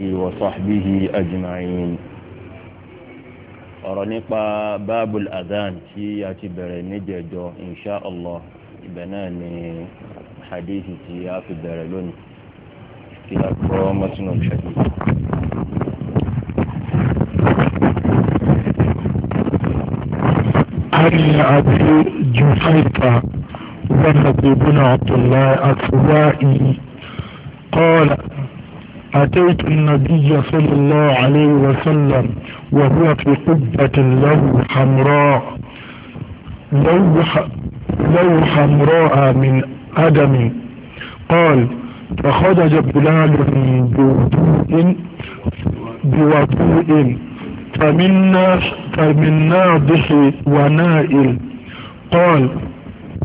وصحبه أجمعين ọ̀rọ̀ nípa báàbùl adhan tí a ti bẹ̀rẹ̀ níjẹ̀jọ́ insha allah ibẹ̀ náà ni hadithi tí a fi bẹ̀rẹ̀ lónìí kí a gbọ́ mọ́tún ọ̀ṣẹ́jú. علي أبي جحيفة ونبي بن عبد الله الفوائي قال أتيت النبي صلى الله عليه وسلم وهو في قبة له حمراء لو حمراء من أدم قال فخرج بلال بوضوء بوضوء فمنا فمنا به ونائل قال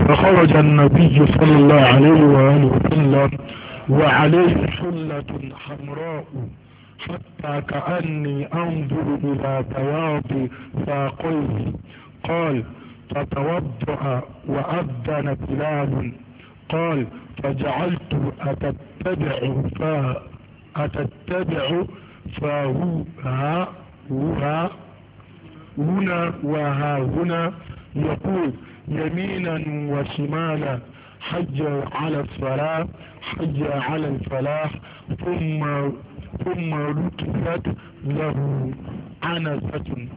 فخرج النبي صلى الله عليه وآله وسلم وعليه حلة حمراء حتى كأني أنظر إلى بياض ساقيه قال فتوضأ وأذن بلال قال فجعلت أتتبع فا أتتبع فهو ها وها هنا وها هنا يقول يمينا وشمالا حج على الصلاة حج على الفلاح ثم ثم لطفت له عنزة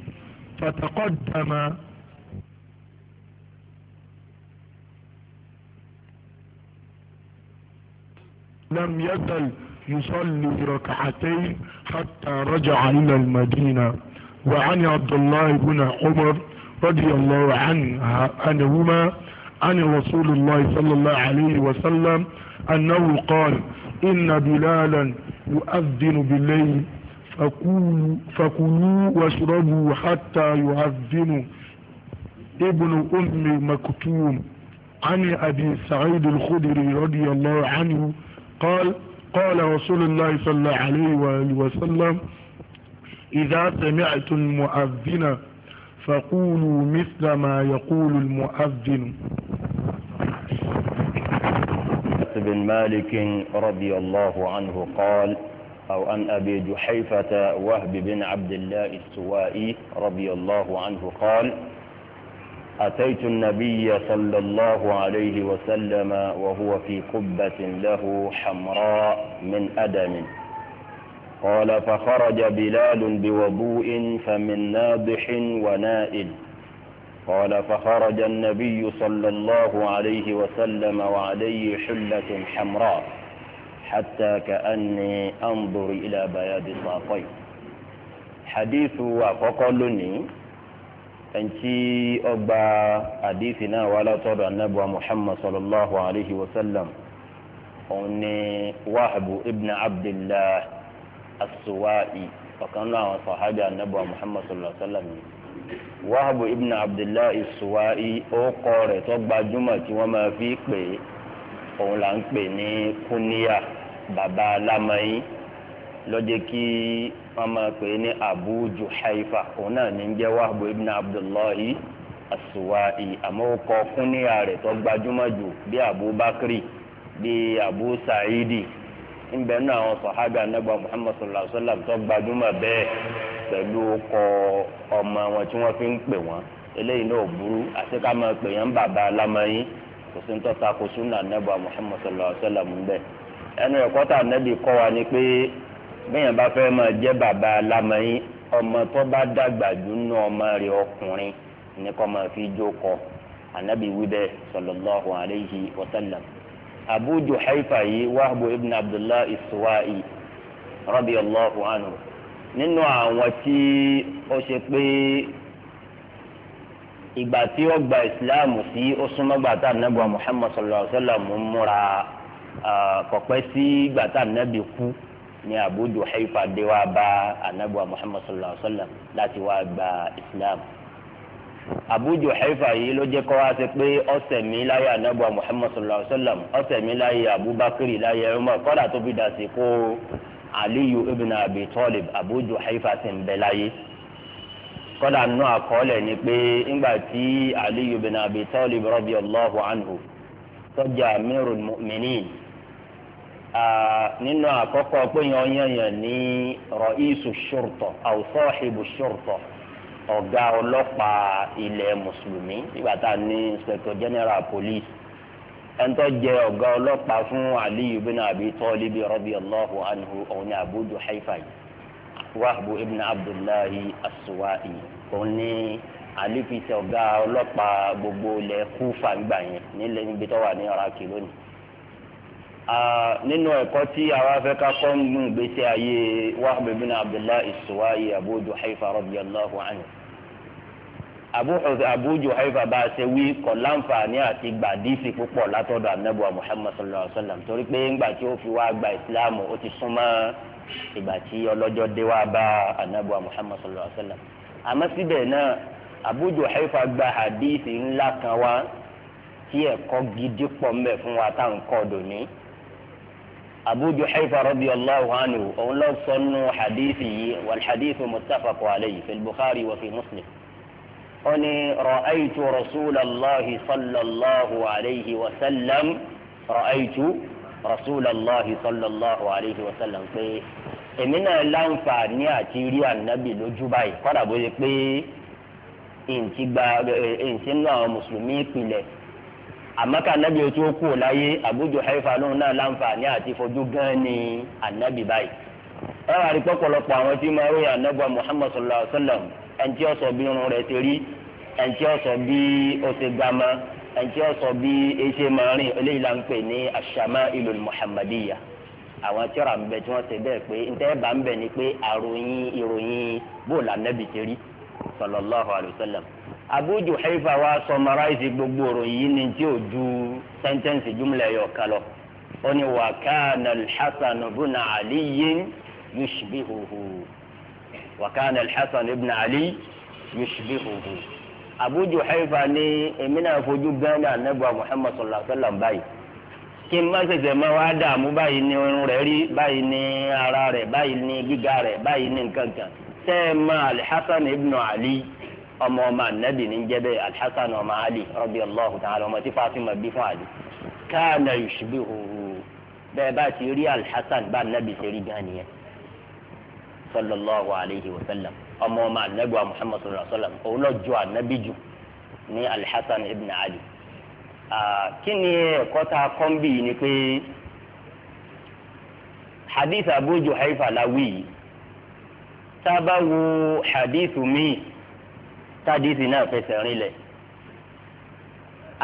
فتقدم لم يزل يصلي ركعتين حتى رجع الى المدينة وعن عبد الله بن عمر رضي الله عنه عنهما عن رسول الله صلى الله عليه وسلم أنه قال إن بلالا يؤذن بالليل فكلوا, فكلوا واشربوا حتى يؤذن ابن أم مكتوم عن أبي سعيد الخدري رضي الله عنه قال قال رسول الله صلى الله عليه وآله وسلم إذا سمعت المؤذن فقولوا مثل ما يقول المؤذن بن مالك رضي الله عنه قال أو عن أبي جحيفة وهب بن عبد الله السوائي رضي الله عنه قال أتيت النبي صلى الله عليه وسلم وهو في قبة له حمراء من أدم قال فخرج بلال بوضوء فمن ناضح ونائل قال فخرج النبي صلى الله عليه وسلم وعليه حلة حمراء حتى كأني أنظر إلى بياض ساقيه حديث وفقلني ẹnití ọgbà àdìsí náà wà látọ̀dọ̀ anábùwà muhammad sallallahu alayhi wa sallam òun ni wàhábù ibn abdillah asuwa'i ọ̀kan náà àwọn sàhábì anábùwà muhammad sallallahu alayhi wa sallam yìí. wahabu ibn abdullahi suwai ó kọ rẹ̀ tó gbajúmọ̀ tí máa fi pè é òun là ń pè ní kúníyà bàbá alámọyín lọ́jọ́ kí wọ́n máa pè é ní abu juhaifa òun náà ní jẹ́ wahabu ibn abdullahi asuwai àmọ́ ó kọ kúníyà rẹ̀ tó gbajúmọ̀ jù bí abubakar bí abu saidi ńbẹ nínú àwọn sọ̀hábì anábà muhammad sallallahu alayhi wa sallam tó gbajúmọ̀ bẹ́ẹ̀ pẹ̀lú ọkọ̀ ọmọ wọn tí wọ́n fi ń pè wọ́n eléyìí náà burú àti ká máa pè yẹn bàbá alámọ̀yìn kò sí ń tọ́ta kò súnà anábà muhammad sallallahu alayhi wa sallam ńbẹ ẹnu ẹ̀kọ́ tá anábì kọ́ wa ni pé bẹ́yẹn bá fẹ́ máa jẹ́ bàbá alámọ̀yìn ọmọ tó bá dàgbà jù nínú ọmọ rẹ̀ ọkùnrin ní kọ́ máa fi jókòó anábì wí sallallahu alayhi wa sallam abu juhaifa yìí wahbu ibn abdullah iswa'i radiyallahu anhu nínú àwọn tí ó ṣe pé ìgbà tí ó gba ìsìláàmù sí ó súnmọ́ gbàtà nàbà muhammad sallallahu alayhi wa sallam múra kọ̀pẹ́ sí gbàtà nàbì kú ní abu juhaifa dé wá bá anabuwa muhammad sallallahu alayhi wa sallam láti wá gba ìsìláàmù. Abu Juhayfa yìí ló jẹ́ kọ́ wá sí pé ọ̀sẹ̀ mi láyé anábọ̀ Muhammad sallallahu alayhi wa sallam ọ̀sẹ̀ mi láyé Abubakar láyé Umar kọ́dà tó fi dàsí kó Aliyu ibn Abi Talib Abu Juhayfa ti ń bẹ láyé kọ́dà nù àkọọ́lẹ̀ ni pé ńgbà tí Aliyu ibn Abi Talib radiyallahu anhu sọ́jà amirul mu'minin nínú àkọ́kọ́ pé yan yan yan ní ra'isu shurta aw sahibu shurta ọ̀gá ọlọ́pàá ilẹ̀ mùsùlùmí nígbà tá a ní inspector general police ẹnitọ́ jẹ ọ̀gá ọlọ́pàá fún aliyu bin abi tọ́líbi radiyallahu anhu òun ni abu duhaifa yìí wahbu ibn abdullahi aswa'i òun ni alifi ṣe ọ̀gá ọlọ́pàá gbogbo ilẹ̀ kúfà gbà yẹn nílẹ̀ níbi tó wà ní iraki lónìí nínú ẹ̀kọ́ tí àwa fẹ́ ká kọ́ nínú ìgbésí ayé Wahb bin Abdullah As-Suwayi Abu Juhayfa radiyallahu anhu Abu Juhayfa bá a ṣe wí kọ́ láǹfààní àti gbàdísì púpọ̀ látọ̀dọ̀ anabuwa Muhammad sallallahu alayhi wa sallam torí pé ńgbà tí ó fi wá gba ìsìláàmù ó ti súnmọ́ ìgbà tí ọlọ́jọ́ dé wá bá anabuwa Muhammad sallallahu alayhi wa sallam àmọ́ síbẹ̀ náà Abu Juhayfa gba hadithi ńlá kan wá tí ẹ̀kọ́ gidi pọ̀ mbẹ̀ fún wa táwọn kọ́ dòní. Abu Juhayfa radiyallahu anhu òun ló sọnù hadithi yìí wal hadithu muttafaqu alayhi fi Bukhari wa fi Muslim ó ní ra'aytu rasulallahi sallallahu alayhi wa sallam ra'aytu rasulallahi sallallahu alayhi wa sallam pé èmi náà láǹfààní àti rí ànábì lójú báyìí kọ́dà bó ṣe pé ǹtí gba ǹtí nù mùsùlùmí ìpìlẹ̀ àmọ́ká anabi o tó kú láyé Abu Juhayfa lóhùn náà láǹfààní àti fojú gan ni anabi báyìí ẹ wà rí pọ̀pọ̀lọpọ̀ àwọn tí máa ròyìn anabi Muhammad sallallahu alayhi wa sallam ẹnití ọ̀sọ̀ bí irun rẹ̀ ti rí ẹnití ọ̀sọ̀ bí ó ti ẹnití ọ̀sọ̀ bí ẹsẹ̀ e máa eléyìí là ń pè ní ash-shama'ilul muhammadiyya àwọn tíra ń bẹ tí wọ́n ti bẹ́ẹ̀ pé ntẹ́ bá ń bẹ ni pé àròyìn ìròyìn bóòlù Abu Juhayfa wa sọmaraisi gbogbo ìròyìn yìí ni tí ò ju sẹ́ńtẹ́ǹsì júmùlẹ̀ yọ̀ kan lọ ó ní wa kana al-Hasan ibn Ali yushbihuhu wa kana al-Hasan ibn Ali yushbihuhu Abu Juhayfa ní èmi náà fojú bẹ́ẹ̀ni anabu Muhammad sallallahu alaihi wa sallam báyìí kí n má ṣẹ̀ṣẹ̀ máa wá dààmú báyìí ni irun rẹ̀ rí báyìí ni ara rẹ̀ báyìí ni gíga rẹ̀ báyìí ni nǹkan kan ẹ máa al-Hasan Ali ọmọ ọmọ anabi ní jẹbẹ alhassan ọmọ ali radiyallahu ta'ala ọmọ tí fatima bí fún ali kana yushbihuhu bẹ́ẹ̀ bá ti rí alhassan bá anabi ṣe rí gan nìyẹn sallallahu alayhi wa sallam ọmọ ọmọ anabi wa muhammad sallallahu alayhi wa sallam òun náà jọ anabi jù ní alhassan ibn ali kí ni ẹ̀kọ́ tá a ni pé hadith abu juhayfa lawi tá hadith miin tádìsì náà fẹsẹ̀ rinlẹ̀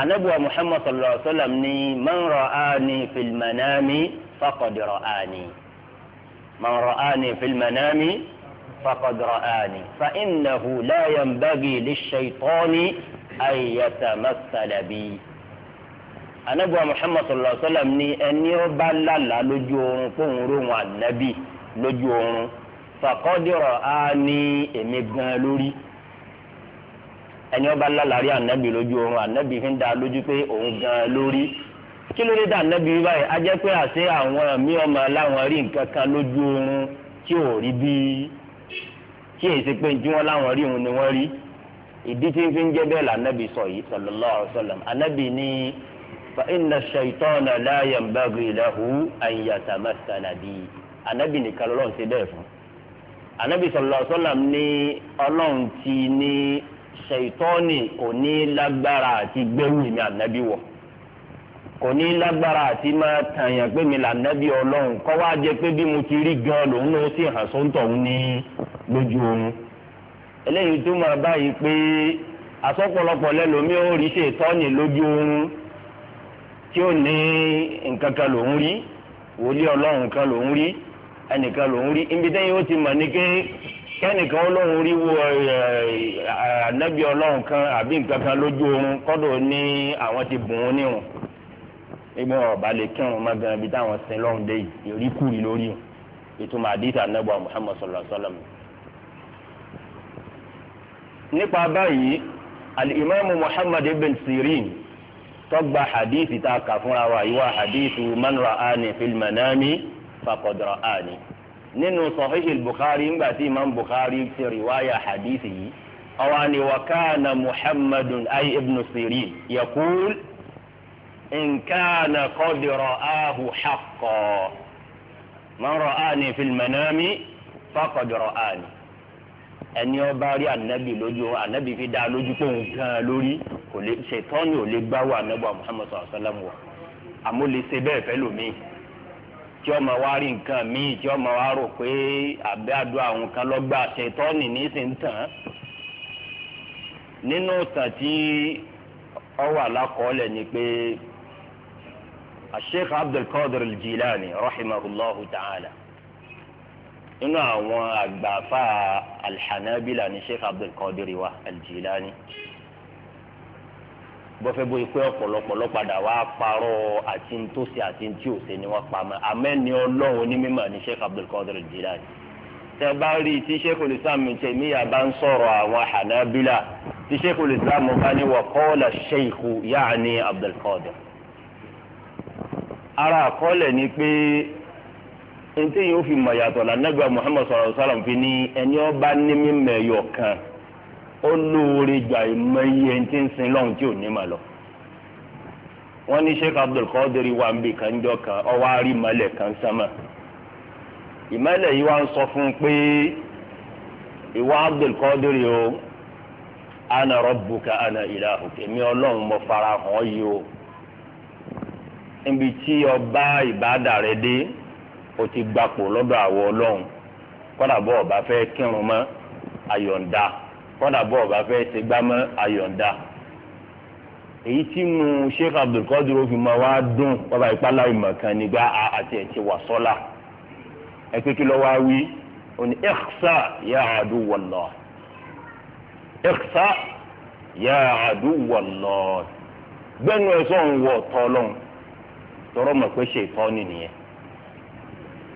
anabiwa muhammad sallallahu alaihi wa sallam ni man ra'ani fil manami faqad ra'ani man ra'ani fil manami faqad ra'ani fa innahu la yanbaghi lish-shaytani an yatamassala bi anabiwa muhammad sallallahu alaihi wa sallam ni ẹni ó bá lálàá lójú oorun kóhun róhun ànábì lójú oorun faqad ra'ani èmi gan ẹni ọba lálàrí ànábì lójú oorun ànábì fi ń da lójú pé òun gan lórí kí ló dé dá ànábì báyìí a jẹ́ pé àṣé àwọn mí ọmọ láwọn rí nǹkan kan lójú oorun tí ò rí bí tí èyí ṣe pé jí wọn láwọn rí òun ni wọ́n rí ìdí tí ń fi ń jẹ́ bẹ́ẹ̀ lànábì sọ yìí sallallahu alaihi wasallam ànábì fa inna shaytana la yanbaghi lahu an ṣètọ́ni kò ní lágbára àti gbẹ́rù mi ànábì wọ̀ kò ní lágbára àti máa tàyàn pé mi là nábì ọlọ́run kọ́ wá jẹ pé bí mo ti rí gan lòun náà sì hàn sóńtọ̀ ń ní lójú oorun eléyìí tó máa báyìí pé asọ́pọ̀lọpọ̀ lẹ́lòmí ó rí lójú oorun tí ó ní nǹkan kan lòun rí wòlíì ọlọ́run kan lòun rí ẹnìkan lòun rí ti mọ̀ ní kẹ́nìkan olóhùn ríwo eh, ànábì ọlọ́run kan àbí nǹkan kan lójú oorun kọ́dọ̀ ní àwọn ti bùn ún níwọ̀n nígbà wọn ọba lè kírun má gan ibi táwọn sin lọ́run dé yìí ìríkùrí lórí wọn ìtumọ̀ àdìsí ànábì Muhammad sallallahu alaihi wasallam. nípa báyìí alimami Muhammad ibn Sirin tó hadith tá kà fúnra wa yìí hadith man ra'ani fil manami nínú sọ̀híhì bukhari ńgbà tí imam bukhari ti riwaya hadithi yìí ọwọ́ ni wa kana muhammadun ayi ibn sirin yakul in kana qad ra'ahu haqqan man ra'ani fil manami faqad ra'ani ẹni ọba rí anabi lójú anabi fi dá lójú pé òun gan lórí kò lè ṣètọ́ni ò lè gbáwó anabi muhammad sallallahu sallam wa àmọ́ bẹ́ẹ̀ fẹ́ lómi tí ọmọ wa rí nǹkan míì tí ọmọ wa rò pé àbẹ́ àdó àwọn kan lọ́gbà ṣètọ́nì nísìnyí tán nínú tàn tí ọ wà lákọọ́lẹ̀ ni pé asheikh abdulkadir jilani rahimahullahu ta'ala nínú àwọn àgbàfà alhanabila ni sheikh abdulkadir wa aljilani. Al bọ́fẹ́ bóyá pé ọ̀pọ̀lọpọ̀lọ́ padà wá parọ́ àti ntòsí àti ntí òsè ni wọ́n pa mọ́ amẹ́ni ọlọ́run onímọ̀ ní Sheikh Abdul Qadir Jilani tẹ bá rí tí Sheikhul Islam Taymiyyah bá ń sọ̀rọ̀ àwọn Hanabila tí Sheikhul Islam bá ní wa qala Sheikh yaani Abdul Qadir ara àkọọ́lẹ̀ ni pé ntẹ́yìn ó fi mọ̀ yàtọ̀ lànàgbà Muhammad sallallahu alaihi fi ní ẹni ọba ní mímẹ́yọ̀ kan ó lóore gbà ìmọ̀ iye ẹni tí ń sin lọ́hùn tí ò ní lọ. wọ́n ní Sheikh Abdul wa kan jọ kan ọwọ́ àárí ìmọ̀lẹ̀ kan sánmà. ìmọ̀lẹ̀ yìí wá ń sọ fún un pé ìwọ Abdul Qadir o ana rabbuka ana ilahuka ọlọ́run fara hàn yìí o. níbi tí ọba ìbádà rẹ dé o ti gbapò lọ́dọ̀ àwọ̀ ọlọ́run kọ́dà bọ́ ọba fẹ́ kírun mọ́ kọ́dà bọ́ ọ̀bá fẹ́ ṣe gbámọ́ ayọ̀ǹda èyí tí mo Sheikh Abdul Qadir fi máa wá dùn bàbá ìpàlà ìmọ̀kan nígbà àti ẹ̀tì wà sọ́la ẹ pé kí lọ́ wá wí òní ikhsa ya aduwallah ikhsa ya aduwallah gbẹ́nu ẹ̀ sọ̀rọ̀ wọ̀ tọ́ lọ́n tọrọ mọ̀ pé ṣe ìtọ́ nìyẹn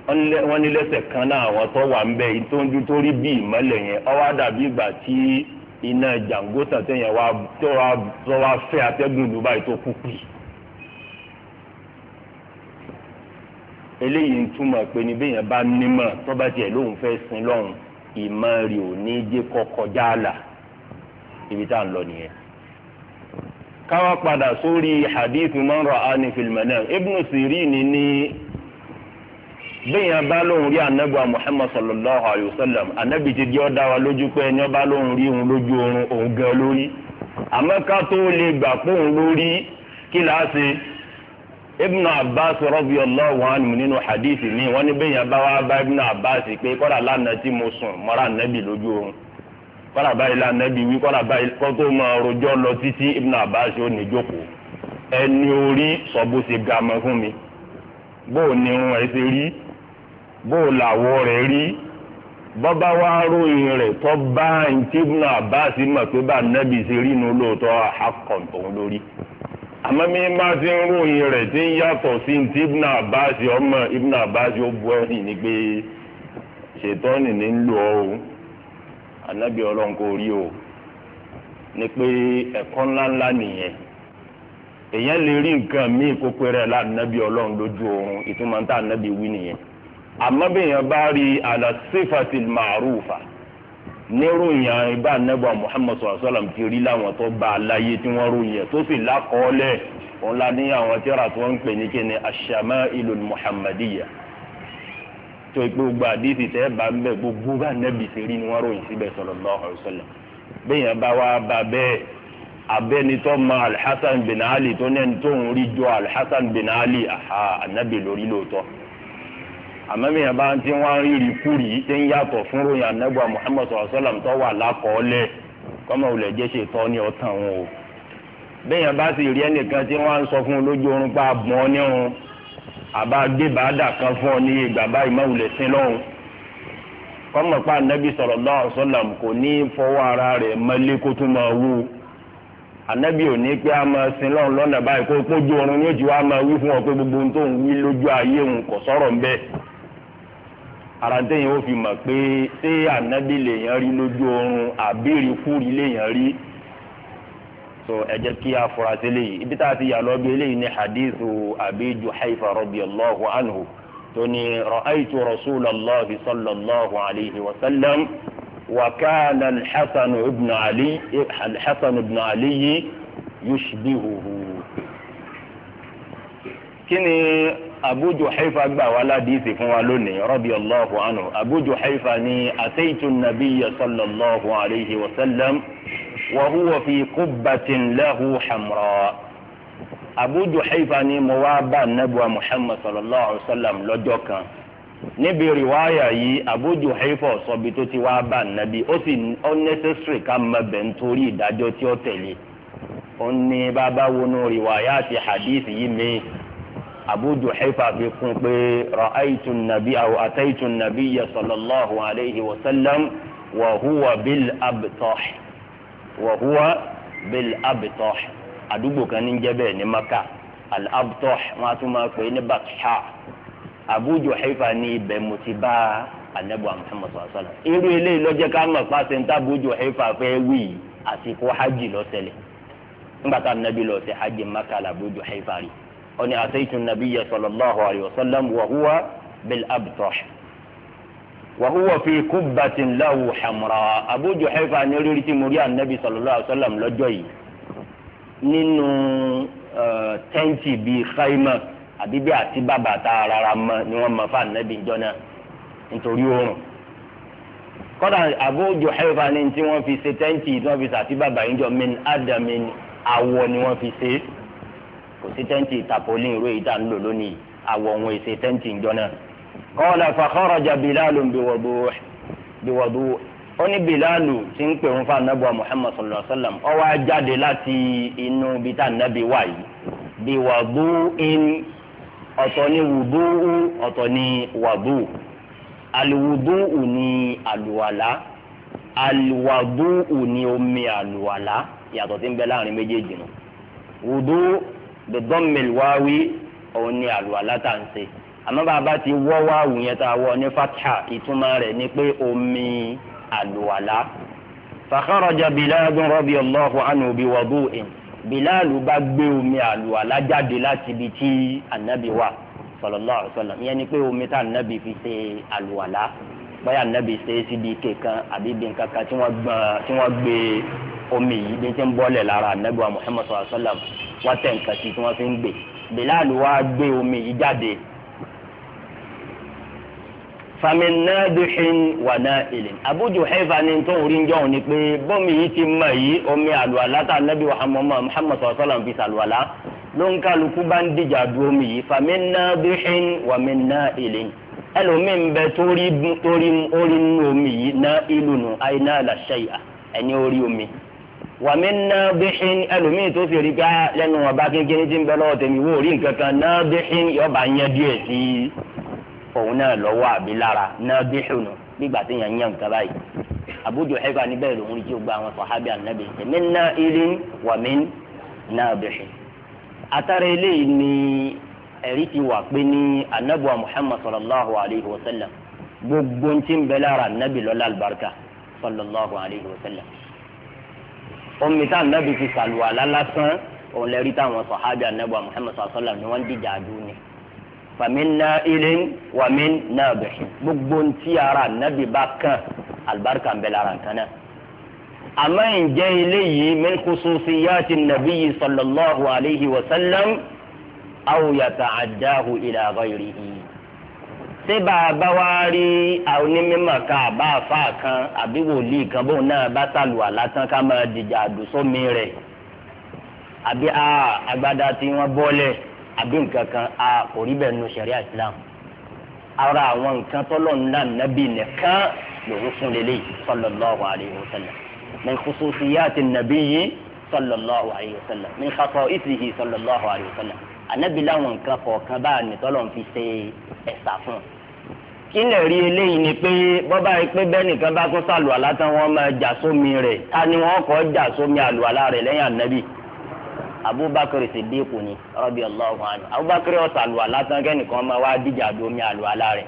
wọ́n ní lẹ́sẹ̀ kan náà àwọn tó wà ń bẹ yìí tó ń ju tó rí bí ìmọ́lẹ̀ yẹn ó wá dàbí ìgbà tí iná jàǹgótà tẹ̀yìn wá tó wá fẹ́ atẹ́gùn ìlú báyìí tó kúkú yìí. eléyìí ń túmọ̀ pé ní bẹ́ẹ̀ yẹn bá nímọ̀ tó bá tiẹ̀ lóun fẹ́ sin lọ́hùn ìmọ̀ rẹ̀ ò ní jẹ́ kó kọjá ibi tá à ń lọ nìyẹn. káwá padà sórí hadith man ra'ani fil manam Ibn ní bẹ́ẹ̀yàn bá lóun rí anábìá muhammad sallallahu alayhi wa sallam anábì ti di ọ́dá wa lójú pé ẹni ọba lóun rí òun lójú oorun òun gan lórí àmọ́ ká tó lè gbà pé òun lórí kí láá ṣe ibnu abbas radiyallahu anhu nínú hadith mi wọ́n ní bẹ́ẹ̀yàn bá wá bá ibnu abbas pé kọ́ra lánàá tí mo sùn mọ́ra anábì lójú oorun kọ́ra báyìí lánàá bí wí kọ́ra báyìí kọ́ tó máa rojọ́ lọ títí ibnu abbas ó ní jókòó ẹni orí sọ bó ṣe ga mọ́ fún mi bó o ní irun ẹ ṣe rí bó làwọ̀ rẹ̀ rí bọ́bá wa ròyìn rẹ̀ tọ́ bá ìtìbùnà àbáàsì mọ̀ pé bá nẹ́bí ṣe rí inú lóòótọ́ àkàn tòun lórí àmọ́ mi máa ti ń ròyìn rẹ̀ tí ń yàtọ̀ sí ìtìbùnà àbáàsì ọmọ ìbùnà àbáàsì ó bu ẹ̀yìn ni pé ṣètọ́nì ní ń ọ́ o ànábì ọlọ́run kò rí o ni pé ẹ̀kọ́ ńláńlá nìyẹn èèyàn lè rí nǹkan míì kó pé rẹ̀ ọlọ́run lójú oorun ìtumọ̀ ń ànábì wí nìyẹn àmọ́ bẹ́yàn bá rí àlà sífàtì màrúfà níròyìn ìbá nẹ́bà Muhammad sọ̀rọ̀ sọ́làm ti rí láwọn tó bá a láyé tí wọ́n ròyìn tó sì lákọọ́lẹ̀ òun la ní àwọn tíra tí wọ́n ń pè ní kíni ash-shama'ilul muhammadiyya tó ipò gba àdìsí tẹ́ bá ń bẹ̀ gbogbo bá nẹ́bì sí rí ni wọ́n ròyìn síbẹ̀ sallallahu alaihi wasallam bẹ́yàn bá wá bá bẹ́ẹ̀ abẹ́nitọ́ ma alhassan bin ali tó ní ẹni tó ń rí jọ alhassan bin ali aha anabi lórí lóòótọ́ àmọ́ mi yẹn bá ń tí wọ́n rí rí kúrì yìí tí ń yàtọ̀ fún ròyìn anábọ̀ Muhammad sallallahu sallam tó wà lákọọ́lẹ̀ kọ́mọ òlẹ̀ jẹ́ ṣe tọ́ ní ọ̀tàn wọn o bẹ́ẹ̀ yẹn bá sì rí ẹnìkan tí wọ́n ń sọ fún un lójú oorun pa àbọ̀n ọ níhun àbá gbé bàádà kan fún ọ ní ìgbà báyìí mọ́ òlẹ̀ sí lọ́hùn kọ́mọ pa anábì sallallahu sallam kò ní fọwọ́ ara rẹ̀ mọ́lé kó tún máa wú anabi ò ní pé a máa sin lọ́run lọ́nà báyìí kó pójú oorun yóò ti wá máa wí fún ọ pé gbogbo ohun tó àràǹtẹ̀yìn ó fi mọ̀ pé ṣé ànábì lèèyàn rí lójú oorun àbírìkúrì lèèyàn rí so ẹ jẹ́ kí a fura sí eléyìí ibi tá a ti yà lọ bí eléyìí ní hadithu Abi Juhayfa radiyallahu anhu tó ní ra'aytu rasulallahi sallallahu alayhi wa sallam wa kana alḥasan ibn ali alḥasan ibn ali yushbihuhu kí ni. Abu Juhayfa gbà wá ládìísì fún wa lónìí radiyallahu anhu Abu Juhayfa ni ataitu nabiyya sallallahu alayhi wa sallam wa huwa fi qubbatin lahu hamra Abu Juhayfa ni mo wá bá nabuwa Muhammad sallallahu alayhi wa sallam lọ́jọ́ kan níbi rìwáyà yìí Abu Juhayfa sọbi tó ti wá bá nabi ó sì unnecessary ká mẹbẹ̀ nítorí ìdájọ́ tí ó tẹ̀lé ó ní bàbá wọnú rìwáyà àti hadith yìí mìíràn. Abu Juhayfa fi kún pé ra'aytu nabi aw ataytu nabiya sallallahu alayhi wa sallam wa huwa bil abtah wa huwa bil abtah àdúgbò kan ní jẹ́bẹ̀ ní maka al abtah wọn a tún máa pè é ní bakha Abu Juhayfa ní ibẹ̀ mo ti anabu muhammad sallallahu alayhi wa sallam irú eléyìí lọ́jọ́ ká mọ̀ pàṣẹ ní Abu Juhayfa fẹ́ wí àsìkò hajj lọ́sẹ̀lẹ̀ ńgbàtà nàbí lọ́sẹ̀ hajj maka làbújọ haifari. أني أتيت النبي صلى الله عليه وسلم وهو بالأبطح وهو في كبة له حمراء أبو جحيفة أن يريد مريا النبي صلى الله عليه وسلم لجوي nínú eh, tẹ́ǹtì bíi xayima àbí bí àti bàbà tá a rárá mọ ni wọ́n mọ fáwọn nẹ́bí ìjọ náà nítorí oorun kọ́dà Abu Juhayfa ní tí wọ́n fi ṣe tẹ́ǹtì tí wọ́n fi ṣe bàbà yìí jọ min adamin awọ ni wọ́n fi ṣe kò sí tẹ́ǹtì tàpólí ìró ìdá ńlò lónìí àwọ̀ ohun èsè tẹ́ǹtì ìjọ náà. qala fa kharaja Bilalu biwudu ó ní Bilalu tí ń pè ń fa anábọ̀ Muhammad sallallahu alayhi wa sallam ó wá jáde láti inú bí tá anábì wà yìí biwudu in ọ̀tọ̀ ni wudu ọ̀tọ̀ ni wadu aliwudu ni aluwala aliwadu ni omi aluwala yàtọ̀ tí ń bẹ láàrin méjèèjì nù wudu bidhammil wáwí òun ni àlùwàlá tá à ń ṣe àmọ́ bàbá ti wọ́ wáwù yẹn tá a wọ́ ní fatha ìtumọ̀ rẹ̀ ni pé omi àlùwàlá. fa kharaja Bilal radiyallahu anhu bi wudu'in Bilal bá gbé omi àlùwàlá jáde láti ibi tí ànábì wà sallallahu alaihi ìyẹn ni pé omi tá ànábì fi ṣe àlùwàlá báyà ànábì ṣe é síbi kankan àbí ibi kankan tí wọ́n gbé omi yìí bí ti ń bọ́lẹ̀ lára ànábì wa Muhammad sallallahu alaihi wọ́n tẹ̀ nǹkan sí tí wọ́n fi ń gbè Bilal wá gbé omi yìí jáde famin nadihin wa nailin Abu Juhayfa ni tó ń rí ń jọ̀hún ni pé bọ́mi yìí ti mọ̀ yìí omi àlùwàlá tá nabi Muhammad Muhammad sallallahu alaihi fi sàlùwàlá ló ń kálukú bá ń dìjà du omi yìí famin nadihin wa min nailin ẹlòmíì ń bẹ torí orí nínú omi yìí náà ìlú nù àyínà làṣẹyà ẹni orí omi wàmí náà bíxin ẹlòmíì tó fi rí ká ah, lẹ́nu ọba kékeré tí ń bẹ lọ́wọ́ tèmi wò rí nǹkan kan náà bíxin yọba yẹn díẹ̀ sí òun náà lọ́wọ́ àbí lára náà bíxin nígbà tí yẹn yẹn nǹkan báyìí abudu xefa níbẹ̀ lòun rí tí o gba àwọn sọ̀hábì ànábì tèmi náà irin wàmí náà atara eléyìí ni ẹ̀rí ti wà pé ní anábùwà muhammad sallallahu alayhi wa sallam gbogbo ti ń bẹ lára ànábì lọ́lá albarka sallallahu alayhi wa sallam omi tá ànábì fi sàlùwàlá lásán òun lè rí táwọn sọ̀hábì ànábì Muhammad sàlọ́lá ni wọ́n dìjà àdúró ni fàmí ná ilé wàmí ná bẹ̀rẹ̀ gbogbo ntí ara ànábì bá kàn alibarika ń bẹ lára nǹkan náà àmọ́ ǹjẹ́ eléyìí min khususiyati nabiyyi sallallahu alayhi wa sallam aw yata'addahu ila ghayrihi ṣé bàbá wa rí àwọn onímọ̀ kan àbá àfa kan àbí wòlíì kan bóun náà bá sàlù àlátán ká máa dìjà àdùsómi rẹ̀ àbí agbada tí wọ́n bọ́lẹ̀ àbí nǹkan kan kò rí bẹ́ẹ̀ nu sẹ̀ríà Islam ara àwọn nǹkan tọ́lọ̀ ńlá nàbì nìkan lòun fún lélẹ̀ sallallahu alayhi wa sallam min khususiyati nàbì yìí sallallahu alayhi wa sallam min khasa'isihi sallallahu alayhi wa ànábì láwọn nǹkan kọ̀ọ̀kan bá nìtọ́lọ̀ ń fi ṣe ẹ̀sà fún un. kí lè rí eléyìí ni pé bọ́bá rí pé bẹ́ẹ̀ nìkan bá tún sàlù àlá tán wọ́n máa jà sómi rẹ̀ ta ni wọ́n kọ́ jà sómi àlùwàlá rẹ̀ lẹ́yìn ànábì abubakar sidiku ni radiyallahu anhu abubakar ọ̀sàlù àlá tán kẹ́nìkan máa wá dìjà domi àlùwàlá rẹ̀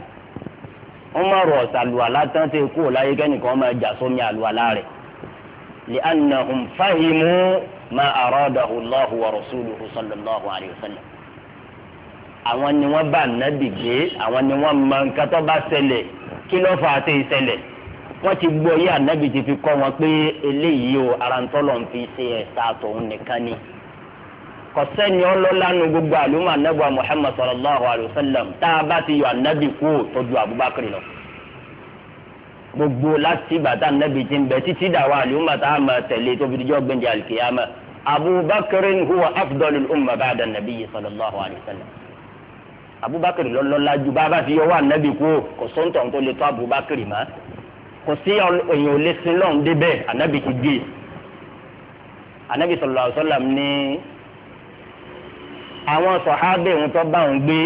umaru ọ̀sàlù àlá tán ti kú láyé kẹ́nìkan máa jà sómi àlùwàlá rẹ̀ li'annahum fahimu ma aradahu Allahu wa rasuluhu sallallahu alayhi wa sallam àwọn ni wọ́n bá nábì gbé àwọn ni wọ́n mọ nǹkan tó bá ṣẹlẹ̀ kí ló fà á tẹ̀ ṣẹlẹ̀ wọ́n ti gbọ́ yé ànábì ti fi kọ́ wọn pé eléyìí o ara ń tọ́lọ̀ ń fi ṣe ẹ̀sà tòun nìkan ni kọ̀sẹ́ni ọlọ́lánu gbogbo àlùmọ́ anábọ̀ Muhammad sallallahu alayhi wa sallam tá a bá ti yọ anábì kú tó ju Abubakar lọ gbogbo láti bàtà anábì ti ń bẹ títí dàwọn àlùmọ́ tá a máa tẹ̀lé tó fi dijọ́ gbẹ̀ndẹ̀ alikiyama Abubakar huwa afdalul umma ba'da nabiyyi sallallahu alayhi wa sallam abubakar lọ́lọ́lá ju bàbá fi yọwọ́ ànábì kú kò sóńtọ̀ tó lè tó abubakar mọ́ kò sí èèyàn ò lè sin lọ́hùn débẹ̀ ànábì ti gbé ànábì sallallahu alaihi ní àwọn sọ̀hábẹ̀ wọn tó bá wọn gbé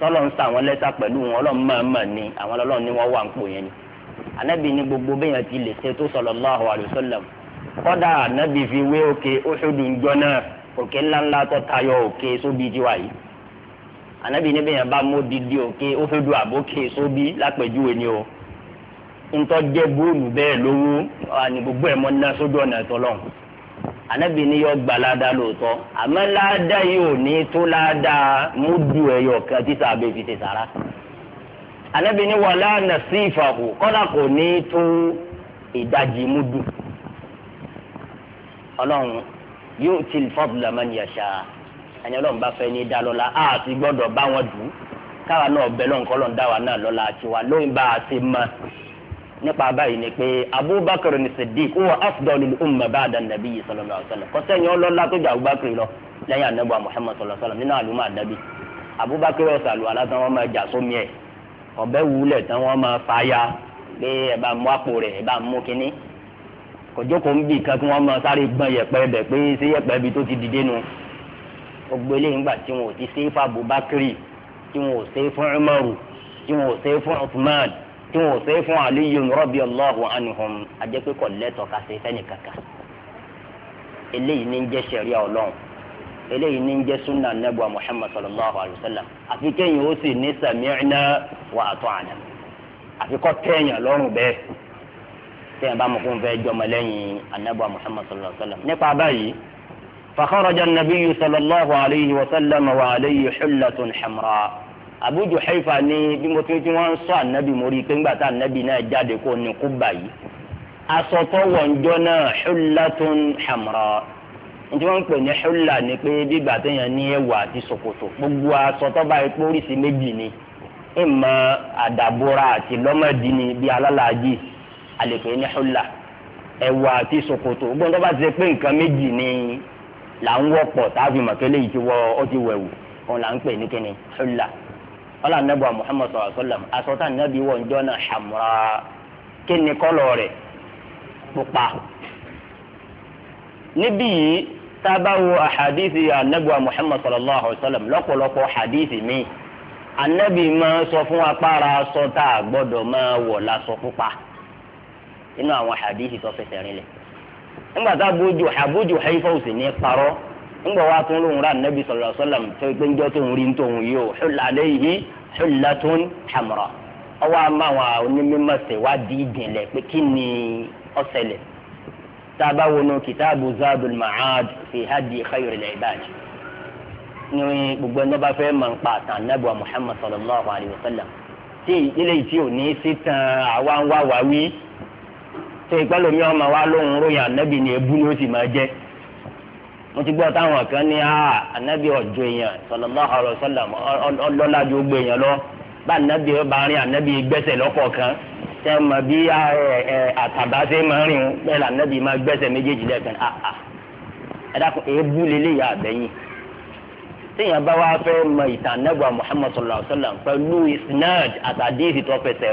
tọ́lọ̀ ń sa àwọn lẹ́tà pẹ̀lú wọn ọlọ́run máa mà ní àwọn ọlọ́run ni wọ́n wà ń pò yẹn ni ànábì ní gbogbo bẹ́yàn ti lè ṣe tó sallallahu alaihi wasallam kọ́dà ànábì fi wé òkè Uhudu ń náà òkè ńláńlá tó tayọ òkè sóbi tiwa yìí anabi níbi yẹn bá mú didi òkè ó fẹ́ du àbókè sóbí lápẹ̀júwe ni o ntọ́ jẹ́ bóòlù bẹ́ẹ̀ lówó àní gbogbo ẹ̀ mọ́ ná sójú ọ̀nà ìtọ́lọ́ anabi ni yọ gba láda lóòótọ́ àmọ́ láda yìí ò ní tó láda mú du ẹ̀yọ̀ kan títà àbẹ̀ fi tètè ara anabi ni wàlá nàṣí ìfàkù kọ́lá kò ní tó ìdajì mú du ọlọ́run yóò ti làmánìyàṣá ẹni ọlọ́run bá fẹ́ ní dá lọ́la á ti gbọ́dọ̀ bá wọn dù ú káwa náà bẹ lọ́nkọ́ ọlọ́run dá wa náà lọ́la àti wa lóyún bá a ti mọ nípa báyìí ni pé Abubakar ni Siddiq huwa afdalul umma ba'da an-nabi sallallahu alaihi wasallam kọsẹ yẹn ọlọlá tó jẹ Abubakar lọ lẹ́yìn anabu Muhammad sallallahu alaihi wasallam nínú àlùmọ àdàbí Abubakar ọsàn àlùwà látàn wọn máa jà sómi ẹ ọbẹ wúlẹ tán wọn máa fàáyà pé ẹ bá mú àpò rẹ ẹ bá mú kínní kòjókòó ń bì kan kí wọn máa sáré gbọn yẹ̀pẹ̀ bẹ pé sí yẹ̀pẹ̀ ibi tó ti dìde nu gbogbo eléyìí ńgbà tí wọn ò ti ṣe é fún Abubakari tí wọn ò ṣe é fún Umaru tí wọn ò ṣe é fún Uthman tí wọn ò ṣe é fún Aliyu radiyallahu anhum ajẹ́pẹ́kọ̀ lẹ́tọ̀ọ́ ká ṣe fẹ́nìkankan eléyìí ní ń jẹ́ sẹ̀ríà ọlọ́run eléyìí ní ń jẹ́ sunna nebua muhammad sallallahu alayhi wa sallam àfi kéèyàn ó sì ní sami'na wa ata'na àfi kọ́ tẹ̀yàn lọ́rùn bẹ́ẹ̀ tẹ̀yàn bá mọ̀ fún fẹ́ jọmọ lẹ́yìn anabua muhammad sallallahu alayhi wa sallam nípa báyìí فخرج النبي صلى الله عليه وسلم وعليه حلة حمراء Abu Juhayfa ní bí mo ti ti wọn sọ ànábì mo rí i pé ńgbà tá ànábì náà jáde kó ní kú báyìí aṣọ tó wọ̀ ńjọ́ náà hullatun hamra ní tí wọ́n ń pè ní hulla ni pé bígbà téèyàn ní ẹ̀wà àti ṣòkòtò gbogbo aṣọ tó báyìí pé oríṣi méjì ni ìmọ̀ àdàbòrà àti lọ́mọdì ni bí alálàájì àlèpé ní hulla ẹ̀wà àti ṣòkòtò gbọ́n tó bá ti ṣe pé nǹkan méjì ni là ń wọ́pọ̀ táàfin màkẹ́lẹ́ yìí ti wọ ọ ti wẹ̀wù òun là ń pè Muhammad sallallahu alaihi wasallam asọ́tà nàbí wọ̀ njọ́ náà hamra kíni kọ́lọ̀ rẹ̀ pupa. níbí yìí tábàwò àhàdìsì ànàbà Muhammad sallallahu alaihi wasallam lọ́pọ̀lọpọ̀ hadithi míì anabi ma sọ fún apára aṣọ tá a gbọ́dọ̀ máa wọ̀ láṣọ pupa inú àwọn ńgbà tá abójú abójú haifa ò sì ní parọ́ ńgbà wa tún lóhùn rà nàbì sallallahu alaihi wasallam tó gbé ńjọ́ tó ń rí tóun yìí ó hulla alayhi hullatun hamra ọwọ́ àmà àwọn onímọ̀ ṣèwádìí ìdìnlẹ̀ pé kí ni ó ṣẹlẹ̀ tá a bá wọnú fi hadi khayril ibad ní gbogbo ẹni tó bá fẹ́ mọ̀ nípa muhammad sallallahu alaihi wasallam tí ilé yìí tí ò ní sí tan àwa wá wí. tó ìpẹ́lú mi ọmọ wa lóhùn ròyìn ànábì ni ebú ni ó sì máa jẹ. mo ti gbọ́ táwọn kan ní ànábì ọ̀jọ̀ èèyàn sallallahu alaihi wasallam ọlọ́lá èèyàn lọ bá anabi ọba rìn gbẹ́sẹ̀ lọ́kọ̀ọ̀kan tẹ́ mọ bí àtàbá ṣe máa rìn bẹ́ẹ̀ máa gbẹ́sẹ̀ méjèèjì lẹ́ẹ̀kan àbẹ́yìn bá wá fẹ́ mọ ìtàn pẹ̀lú àtàdé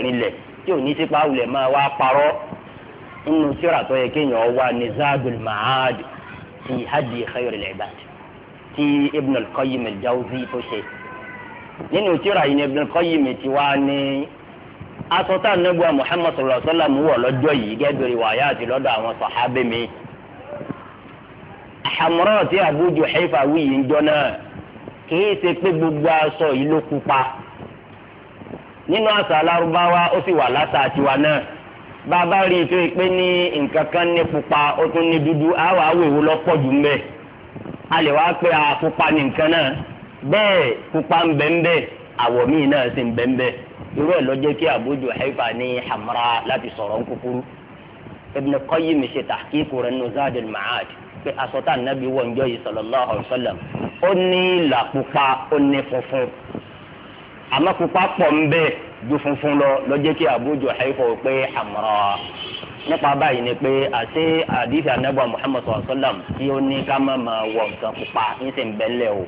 rinlẹ̀ tí ò ní sípàwùlẹ̀ máa wá parọ́ nínú sira tó yẹ kéèyàn wá ní zaadul ma'ad ti hadi khayril ibad ti ibn al-qayyim al-jawzi tó ṣe nínú sira yìí ni ibn al-qayyim ti wá ní asọ́tà nígbà muhammad sallallahu alayhi wa sallam wọ̀ lọ́jọ́ yìí gẹ́gẹ́rì wàyà àti lọ́dọ̀ àwọn sàhábẹ́ mi àmọ́ràn tí abu juhayfa wí yìí kìí ṣe pé gbogbo aṣọ yìí ló pupa nínú àṣà alárúbáwá ó sì wà látà tiwa náà bàbá rí i tó yẹ pé ní nǹkan kan ní pupa ó tún ní dúdú àwọn awèwo lọ́pọ̀ jù mbẹ́ a lè wá pé àpupa ah, ní nǹkan náà bẹ́ẹ̀ pupa ń bẹ ń bẹ àwọ̀ míì náà sì ń bẹ ń bẹ irú ẹ̀ ló jẹ́ kí Abu Juhayfa ní hamra láti sọ̀rọ̀ ń kúkúrú Ibn Qayyim ṣe tahqiqu rẹ̀ nù Zadul Ma'ad pé asọ́tà nàbí wọ̀ njọ́ yìí sallallahu alaihi ó ní ìlà ó ní funfun àmọ́ pupa pọ̀ ń bẹ́ẹ̀ ju funfun lọ lọ́jọ́ kí Abu Juhayfa pé hamra nípa báyìí ni pé àti àdìsí anábọ̀ Muhammad sallallahu alaihi wasallam tí ó ní ká má máa wọ nǹkan pupa ń sì ń bẹ́lẹ̀ o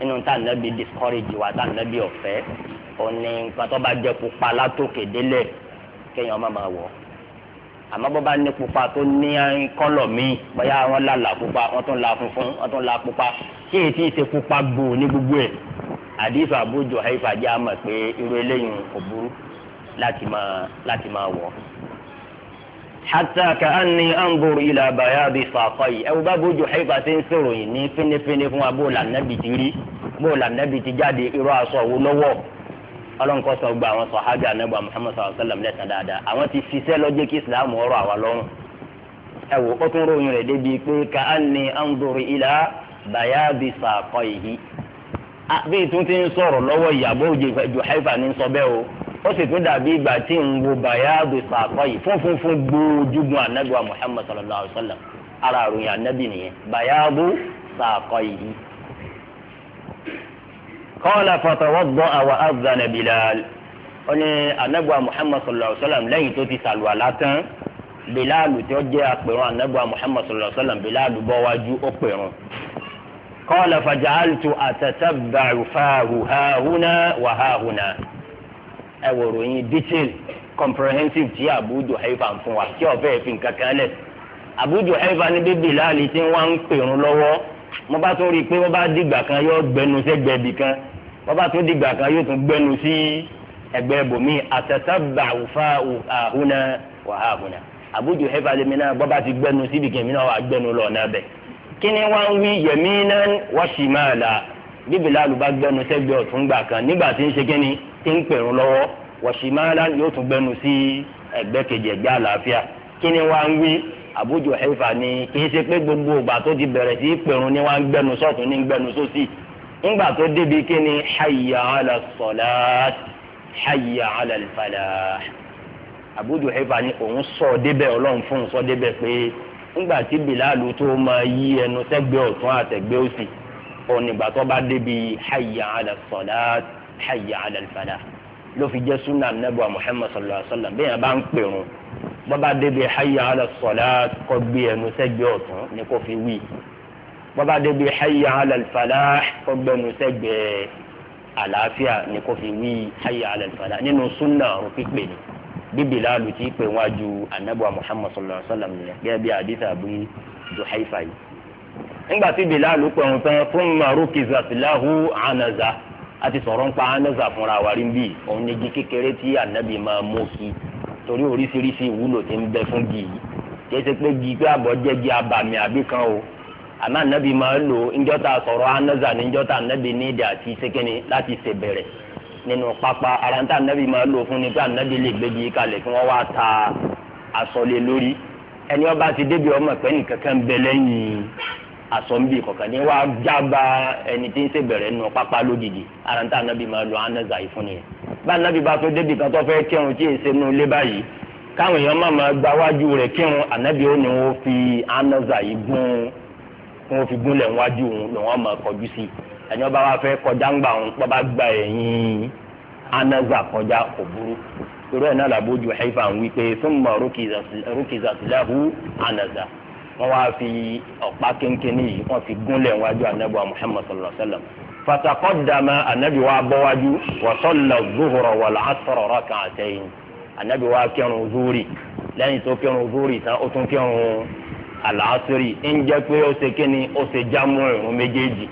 nínú tá ànábi discourage wa tá ànábi ọ̀fẹ́ òní nǹkan tó bá jẹ pupa látòkè délẹ̀ kéèyàn má máa wọ̀ àmọ́ bó bá ní pupa tó ní kọ́lọ̀ míì bóyá wọ́n là pupa wọ́n tún là funfun wọ́n tún là pupa kí èyí tí ṣe pupa gbòò ní gbogbo ẹ̀ àdìsọ Abu Juhayfa jẹ́ àmọ̀ pé irú eléyìí kò burú láti máa láti máa wọ̀. hatta ka'anni anzuru ila bayadi saqai ẹ̀wù bá Abu Juhayfa ṣe ń sòròyìn ní fínífíní fún wa bóòlù ànábì ti rí bóòlù ànábì ti jáde irú aṣọ wo lọ́wọ́ ọlọ́nkọ́ sọ gba àwọn sọ̀hábì ànábì Muhammad sallallahu alaihi wasallam lẹ́sàn dáadáa àwọn ti fiṣẹ́ lọ́jọ́ kí Islam ọ̀rọ̀ àwa lọ́rùn ẹ wò ó tún ròyìn rẹ̀ débi pé ka'anni anzuru ila bayadi saqaihi bí tún ti ń sọ̀rọ̀ lọ́wọ́ ìyàbọ̀ òjì Juhaifa ní sọ bẹ́ẹ̀ o ó sì tún dàbí ìgbà tí ń wo bayadu sàkọ́ yìí funfun fún gbóòjúgun anagba Muhammad sallallahu alayhi wa sallam ara àròyìn anabi nìyẹn bayadu sàkọ́ yìí. qala fatawadda'a wa adhana Bilal ó ní anagba Muhammad sallallahu alayhi wa sallam lẹ́yìn tó ti sàlùwà látàn Bilal tí ó jẹ́ apẹ̀rún anagba Muhammad sallallahu alayhi wa sallam Bilal bọ́ wájú ó pẹ̀rún. قال فجعلت أتتبع فاه هاهنا وهاهنا ẹ wò ròyìn detail comprehensive ti abudu haifa ń fún wa tí ọbẹ̀ fi nǹkan kan lẹ̀ abudu haifa ní bíbí láàlì tí wọ́n ń pèrún lọ́wọ́ mo bá tún rí i pé wọ́n bá dìgbà kan yóò gbẹnu sẹ́gbẹ́ ibì kan wọ́n bá tún dìgbà kan yóò tún gbẹnu sí ẹgbẹ́ ibòmí àtẹ̀tẹ̀bà òfa àhúnà wàhálà abudu haifa lèmi náà bọ́ bá ti gbẹnu síbi kìnìún náà wà gbẹnu lọ náà bẹ́ẹ̀ kí ni wọ́n ń wí yaminan wa shimala bíbí láàlú bá gbẹnu sẹ́gbẹ́ ọ̀tún gbà kan nígbà tí ń ṣe kíni tí ń pèrún lọ́wọ́ wa shimala yóò tún gbẹnu sí ẹgbẹ́ kejì ẹgbẹ́ àlàáfíà kí ni wọ́n ń wí Abu Juhayfa ni kì í ṣe pé gbogbo ìgbà tó ti bẹ̀rẹ̀ sí pèrún ni wọ́n ń gbẹnu sọ́tún ní gbẹnu sósì ńgbà tó débi kíni hayya ala salat hayya ala al falah Abu ni òun sọ débẹ̀ ọlọ́run fún un sọ débẹ̀ pé ńgbà tí bilalu tó máa yí ẹnu sẹ́gbẹ́ ọ̀tún àtẹ̀gbẹ́ òsì ònìgbà tó bá débi hayya ala salat hayya ala falah ló fi jẹ́ sunnah nebo muhammad sallallahu alaihi wa sallam bẹ́ẹ̀ bá ń pèrún bọ́ba débi hayya ala salat kó gbé ẹnu sẹ́gbẹ́ ọ̀tún ni kó fi wí bọ́ba débi hayya ala falah gbé ẹnu sẹ́gbẹ́ àlàáfíà ni kó fi wí hayya ala nínú sunnah rúpípé ni bíbí láàlú tí pé wájú anabuwa muhammad sallallahu alaihi wa sallam nìyẹn gẹ́gẹ́ bí hadith abu duhaifa yìí. nígbà tí bilalu pẹ̀ wọ́n tán fún maruki zafilahu anaza a ti sọ̀rọ̀ ń pa anaza fúnra wa rí bí òun ní igi kékeré tí anabi máa mú kí torí oríṣiríṣi ìwúlò ti ń bẹ fún gi yìí kìí ṣe pé gi pé àbọ̀ jẹ́ gi abàmì àbí kan o àmọ́ anabi máa ń lò ńjọ́ta sọ̀rọ̀ anaza ní ńjọ́ta anabi ní ìdí àti ṣékẹ́ni láti ṣèbẹ̀rẹ̀ nínú pápá ara tá ànábì máa lò fún ni pé ànábì lè gbégi kalẹ̀ kí wọ́n wá ta àsọlé lórí ẹni ọba ti débi ọmọ pẹ́ nìkankan ń bẹ lẹ́yìn àsọ̀nbí kọ̀ọ̀kan ní wàá jábà ẹni tí ń ṣèbẹ̀rẹ̀ nù pápá lójijì ara tá ànábì máa lò ánàzà yìí fún nìyẹn bá ànábì bá tó débi kan tó fẹ́ kírun tí èsè nù lé báyìí káwọn èèyàn máa máa gba wájú rẹ̀ kírun ànábì ó ní wọ́n fi ánàzà yìí gún wọ́n fi gúnlẹ̀ wájú ẹni ọba wa fẹ́ kọjá ń gbà ń bọ́ba gba ẹ̀yìn anaza kọjá kò burú irú ẹ̀ náà làbójú haifa ń wí pé thumma rukizat lahu anaza wọ́n wá fi ọ̀pá kínkínní yìí wọ́n fi gúnlẹ̀ wájú anabi wa sallallahu alayhi wa sallam fataqaddama anabi wa bọ́wájú wa salla zuhura wal asra rak'atayn anabi wa kírun zuri lẹ́yìn tó kírun zuri tán ó tún kírun àlàásírì ń jẹ́ pé ó ṣe kíni ó ṣe jámù ìrun méjèèjì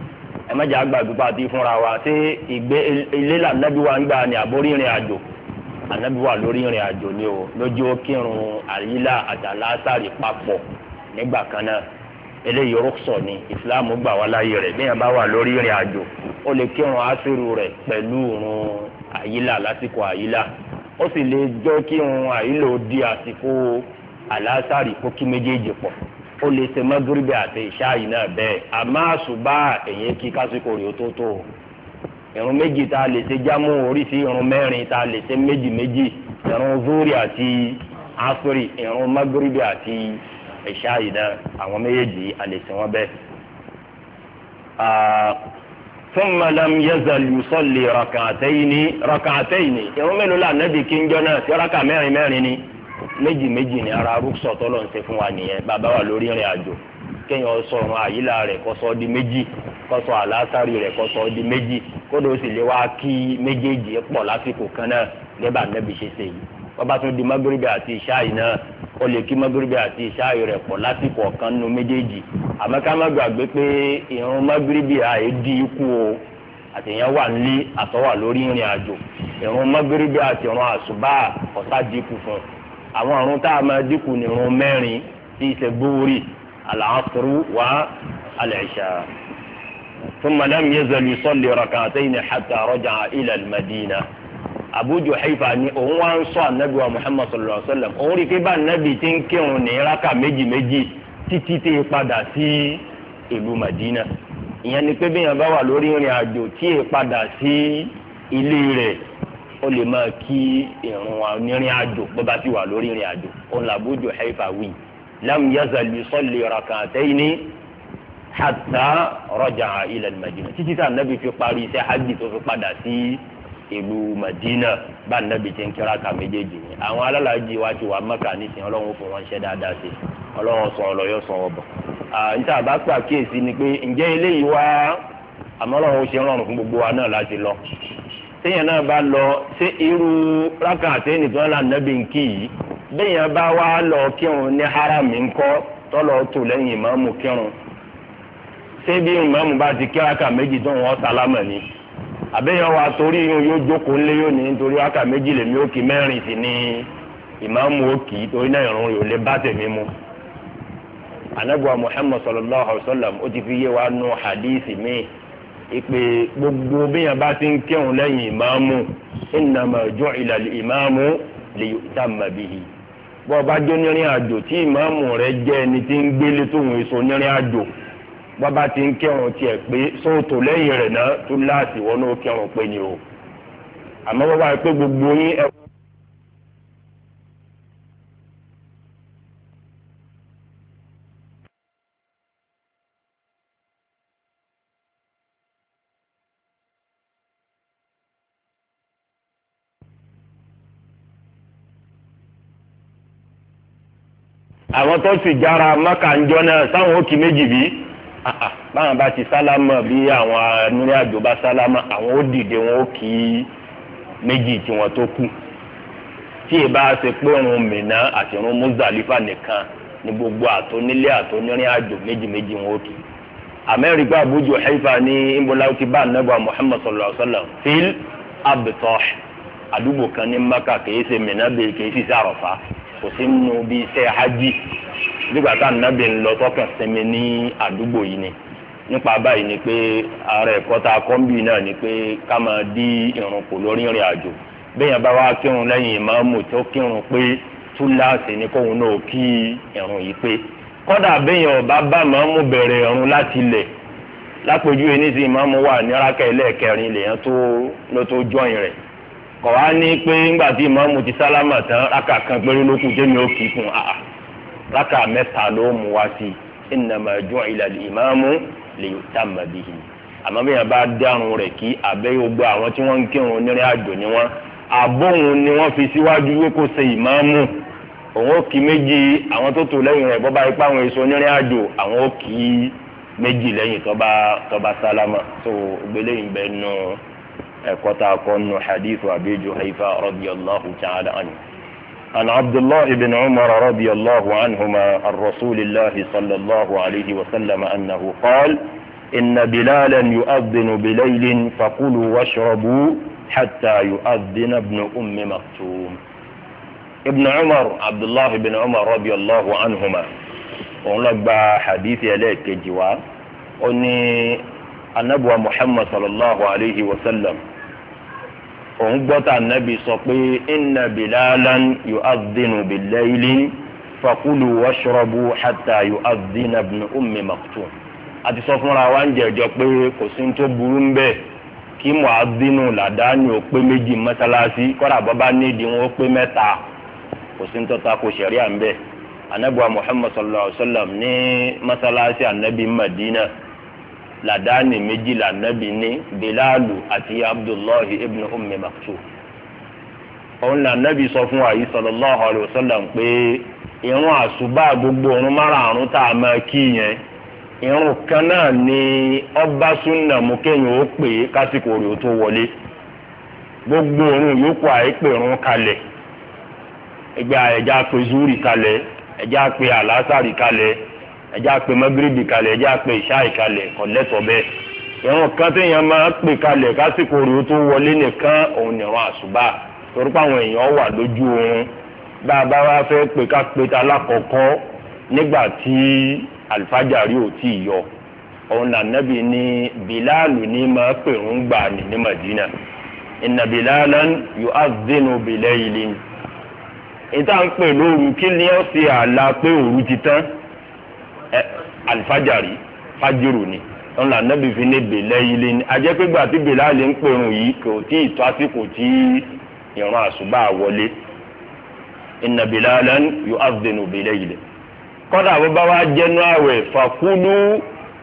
ẹ mẹ́jẹ̀ àgbàdúgbò àti ìfúnra wa ṣé ìgbé ilé lànàbí wa ń gbà ní àbórí ìrìn àjò ànàbí wa lórí ìrìn àjò ni o lójú ó kírun àyílà àtàlásàrì papọ̀ nígbà kan náà eléyìí rúkṣọ ni ìsìláàmù gbà wá láyé rẹ̀ bí yẹn bá wà lórí ìrìn àjò ó lè kírun àṣírù rẹ̀ pẹ̀lú òrùn àyílà lásìkò àyílà ó sì lè jọ kírun àyílò di àsìkò àlásàrì kó kí méjèèjì pọ̀ ó lè ṣe mọ́gíríbì àti ìṣáàyí náà bẹ́ẹ̀ àmọ́ àṣùbà èyí kí kásìkò rè ó tó tó ìrun méjì tá a lè ṣe jámù oríṣi ìrun mẹ́rin tá a lè ṣe méjì méjì ìrun zuri àti asiri ìrun mọ́gíríbì àti ìṣáàyí náà àwọn méjèèjì a lè ṣe wọ́n bẹ́ẹ̀. ثم لم يزل يصلي ركعتين ركعتين ìrun mélòó la Ànábì kí ń jọ náà sí rákà mẹ́rin mẹ́rin ni méjì méjì ní ara rúkṣọ tọ́lọ̀ ń ṣe fún wa nìyẹn bàbá wa lórí ìrìn àjò kéèyàn sọ ọ̀run àyílà rẹ̀ kó sọ di méjì kó sọ àlásàrì rẹ̀ kó sọ di méjì kódò ó sì lè wá kí méjèèjì pọ̀ lásìkò kan náà gẹ́gbà nẹ́bi ṣe ṣe yìí wọ́n bá tún di magrebi àti ìṣáì náà ó lè kí magrebi àti ìṣáì rẹ̀ pọ̀ lásìkò ọ̀kan nínú méjèèjì àmọ́ ká má gbàgbé pé ìrun magrebi àyè di ikú o àtẹ̀yìn wà nílé àtọ́wà lórí ìrìn àjò ìrun magrebi àti ìrun àṣùbà ọ̀sá di ikú fún un àwọn àrùn tá a máa dínkù nìrun mẹ́rin tí ṣe gbówórì al-asru wa al-isha thumma lam yazal yusalli rak'atayn hatta raja'a ila al-madina Abu Juhayfa ni òun wá ń sọ anabi wa Muhammad sallallahu alaihi wa sallam òun rí i pé bá anabi ti ń kírun ní raka méjì méjì títí tẹ padà sí ìlú Madina ìyẹn ni pé bí yẹn bá wà lórí ìrìn àjò tí ì padà sí ilé rẹ̀ ó lè máa kí ìrun onírìn àjò bó bá ti wà lórí ìrìn àjò ó là bójú haifa wí lam yazal yusalli rak'atayni hatta raja'a ila al-madina títí tá nàbì fi parí iṣẹ́ hajj tó fi padà sí ìlú madina bá nàbì ti ń kíra ká méjèèjì ni àwọn alálàájì wa ti wà mẹ́kà nísìnyí ọlọ́run fún wọn ṣẹ́ dáadáa sí ọlọ́run sọ ọlọ́yọ́ sọ ọbọ̀ níta bá pàkíyèsí ni pé ǹjẹ́ eléyìí wá àmọ́ ọlọ́run ó ṣe rọrùn fún gbogbo wa náà láti lọ téèyàn náà bá lọ ṣé irú rákà àtẹ́yìn tó ń la nàbì ń yìí béèyàn bá wá lọ kírun ní haram ńkọ́ tọ́lọ̀ tó lẹ́yìn ìmáàmù kírun ṣé bí ìmáàmù bá ti kí rákà méjì tó ń wọ́n sálámà wa torí irun yóò jókòó yóò ní nítorí rákà méjì lèmi ó mẹ́rin sí ìmáàmù torí náà muhammad sallallahu alaihi wa fi yé wa nù hadith ìpè gbogbo bíyàn bá ti ń kírun lẹ́yìn ìmáàmù innama ju'ila al-imamu li yu'tamma bihi bọ́ ọba jó nírin àjò tí ìmáàmù rẹ jẹ́ ẹni tí ń gbélé tóun èso nírin àjò bọ́ba ti ń kírun tiẹ̀ pé sóòtò lẹ́yìn rẹ̀ náà tún láti wọnú kírun pé ni o àmọ́ bọ́ba pé gbogbo yín ẹ̀kọ́. àwọn tó sì jára mọ́kà ń jọ náà sáwọn ó kí méjì bí báwọn bá ti sálámà bí àwọn arìnrìn àjò bá sálámà àwọn ó dìde wọn ó kí méjì tí wọn tó kù tí ì bá ṣe pé òun Mínà àti òun Muzdalifa nìkan ní gbogbo àtọ́nílé àtọ́nírìn àjò méjì wọn ó kí amẹ́ríkà abudu haifa ní imbola ti bá anagba Muhammad sallallahu alaihi wa sallam Phil, abtah àdúgbò kan ní maka kìí ṣe Mínà bẹ́ẹ̀ kìí ṣe Àràfá kò sí nínú bí iṣẹ́ hajj nígbà tá ànábì ń lọ tọkàn sinmi ní àdúgbò yìí ni nípa báyìí ni pé ara ẹ̀kọ́ tá a kọ́ ń bì náà ni pé ká máa dí ìrun kù lórí ìrìn àjò bẹ́ẹ̀yàn bá wá kírun lẹ́yìn ìmáàmù tó kírun pé túláàsì ni kóun náà kí ìrun yìí pé kọ́dà bẹ́ẹ̀yàn ọba bá ìmáàmù bẹ̀rẹ̀ ìrun láti lẹ̀ lápèjúwe nísìnyí ìmáàmù wà ní rákà ẹlẹ́ẹ̀kẹrin lèèyàn tó ló tó jọyìn rẹ̀ kọ̀ wá ní pé ńgbà tí ìmáàmù ti sálámà tán rákà kan péré ló kù jẹ́mi ó kì í fún àà ah, ah. rákà mẹ́ta ló mú wá sí innama ju'ila al-imamu liyutamma bihi àmọ́ bí yẹn bá dárun rẹ̀ kí àbẹ́ gbogbo àwọn tí wọ́n ń kírun onírìn àjò ni wọ́n àbóhun ni wọ́n fi síwájú wí kó ṣe ìmáàmù òun ó kí méjì àwọn tó tò lẹ́yìn rẹ̀ bọ́ba ipá àwọn èso onírìn àjò àwọn ó kí méjì lẹ́yìn tó bá sálámà tó gbélé ìbẹ́nu. No قطع كن حديث أبي جهيفة رضي الله تعالى عنه عن عبد الله بن عمر رضي الله عنهما عن رسول الله صلى الله عليه وسلم أنه قال إن بلالا يؤذن بليل فقلوا واشربوا حتى يؤذن ابن أم مكتوم ابن عمر عبد الله بن عمر رضي الله عنهما ونلقى حديث عليك جوا أني النبوة محمد صلى الله عليه وسلم òun gbọ́tà nàbì sọ pé inna bilalan yu'adhdhinu bil-layli fakulu washrabu hatta yu'adhdhina ibn ummi maktum àti sọ fúnra wa ń jẹjọ pé kò sí tó burú ń bẹ kí mu'adhdhinu làdáni ò pé méjì mọ́sálásí kọ́dà bọ́bá nídìí wọn ó pé mẹ́ta kò sí tó ta ko sẹ̀ríà ń bẹ anabuwa muhammad sallallahu alaihi wa sallam ní mọ́sálásí anabi madina. làdáni méjìlá nàbì ní bilalu àti abdullahi ibn ummi maktum òun là sọ fún wa yìí sallallahu alaihi pé irun àṣùbà gbogbo ọrụ márààrún tá a máa kí yẹn irun kan náà ni ọba súnà mú kéèyàn ó gbogbo yòókù àìpè irun pé zuri pé alásàrì ẹjẹ́ àpè mọ́gírìbì kalẹ̀ ẹjẹ́ àpè ìṣá ìkalẹ̀ kọ̀lẹ́tọ̀ bẹ́ẹ̀ ìrun kan téèyàn máa pè kalẹ̀ kásìkò rèé tó wọlé nìkan òun nìran àṣùbà torí páwọn èèyàn wà lójú oorun bá a bá wá fẹ́ pè ká pè ta lákọ̀ọ́kọ́ nígbà tí àlùfájàrí ò tí ì yọ òun lànàbì ní bìláàlù ní máa pè ń gbà ní ní Madina ìnà bìláàlù yóò á dénú bìlẹ̀ yìí lé ní. ìta pè lóru kí ni ó ṣe àlà pé òru ti tán alifajari fajiru ni wọn là nẹ́bi fi ní bèlẹ́ yìí lé ní ajẹ́ pé gbà tí bèlẹ́ àlè ń pèrún yìí kò tí ì tó àsìkò tí ìran àṣùbà wọlé inna bilalan yu'adhdhinu bilayl kọ́dà bó bá wá àwẹ̀ fàkúlù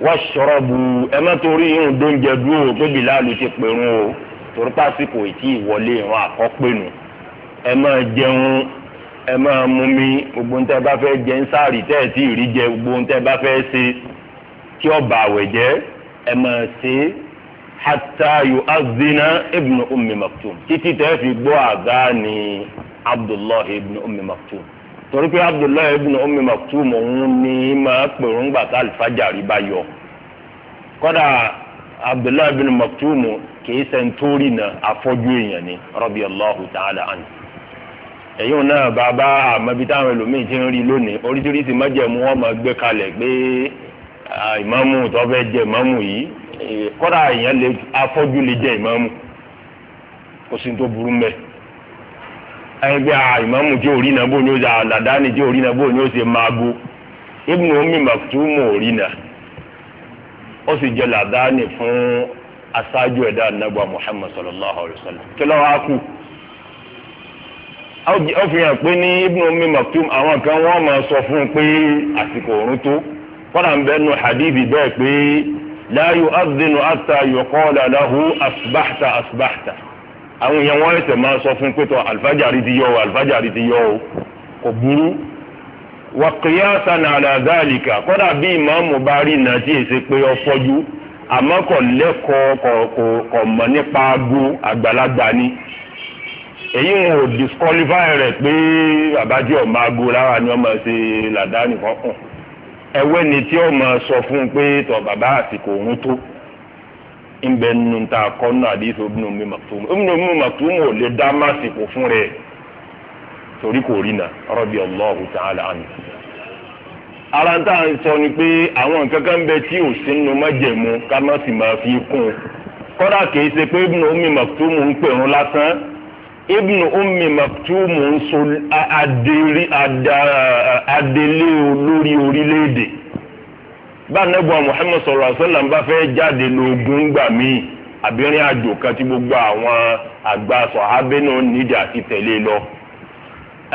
washrabu ẹ má torí irun dóúnjẹ dúró pé bèlẹ́ ti pèrún o torí pàṣípò ìtì ìwọlé ìran àkọ́pẹ́nu ẹ ẹ máa mú mi gbogbo ń tẹ́ bá fẹ́ jẹ ń sáàrì tẹ́ ẹ̀ tí ì rí jẹ gbogbo ń bá ṣe ọba maktum títí fi ni abdullahi ibn umi maktum torí pé abdullahi ibn umi maktum òun ni máa pèrún gbàtà alifajari bá yọ kódà abdullahi ibn maktum afọ́jú èèyàn ni ta'ala ẹ̀yìn náà bàbá àmọ́bí táwọn ẹlòmíín ti ń rí lónìí oríṣiríṣi májẹ̀mú wọn máa gbé kalẹ̀ pé ìmáàmù tó fẹ́ jẹ ìmáàmù yìí eh, kọ́dà èèyàn lè afọ́jú lè jẹ ìmáàmù kò sí tó burú mẹ́ ẹgbẹ́ ìmáàmù tí òrí náà bò ní ó ṣe àlàdáni tí òrí náà bò ní ó ṣe máa bo Ibn omi Maktum òrí náà ó sì jẹ làdáni fún aṣáájú ẹ̀dá anábọ̀ Muhammad sallallahu alayhi wa sallam kí ó fi hàn pé ní maktum àwọn kan wọ́n máa sọ fún pé àsìkò òórùn tó kọ́nà ń bẹ́ẹ̀ hadithi bẹ́ẹ̀ pé la yu'adhdhinu hatta yuqala lahu asbahta asbahta àwọn èèyàn wọ́n ẹ̀sẹ̀ máa sọ fún pé tọ́ alifájàrí ti yọ o alifájàrí ti yọ o kò burú wa bí ìmáàmù bá rí èsè pé ọ nípa àgbàlagbà ni. èyí ń wò disqualify rẹ̀ pé àbájẹ́ ọmọ aago lára ni ọmọ ṣe làdáni kankan ẹwẹ́ ni tí ọmọ sọ fún un pé tọ bàbá àsìkò òun tó ń bẹ nínú ta kọ́nà àdìsí obìnrin omi màtúmù obìnrin omi màtúmù ò lè dá màsìkò fún rẹ̀ torí kò rí na rọ́bì ọlọ́hùn ta'ala àná ara tá à ń sọ ni pé àwọn nǹkan kan bẹ tí ò sínú májẹ̀mú ká má sì máa fi kún un kọ́dà kìí ṣe pé ibùdó omi màtúmù ń pèrún lásán ibnu ummi maktumu ń so adelé olórí orílẹ̀-èdè bá nẹ́gbọ́n muhammed sọ̀rọ̀ àṣẹlẹ̀ ń bá fẹ́ jáde lóògùn gbà míì àbírin àjò gbogbo àwọn àgbà sọ̀hábẹ́ náà nídìí àti tẹ̀lé lọ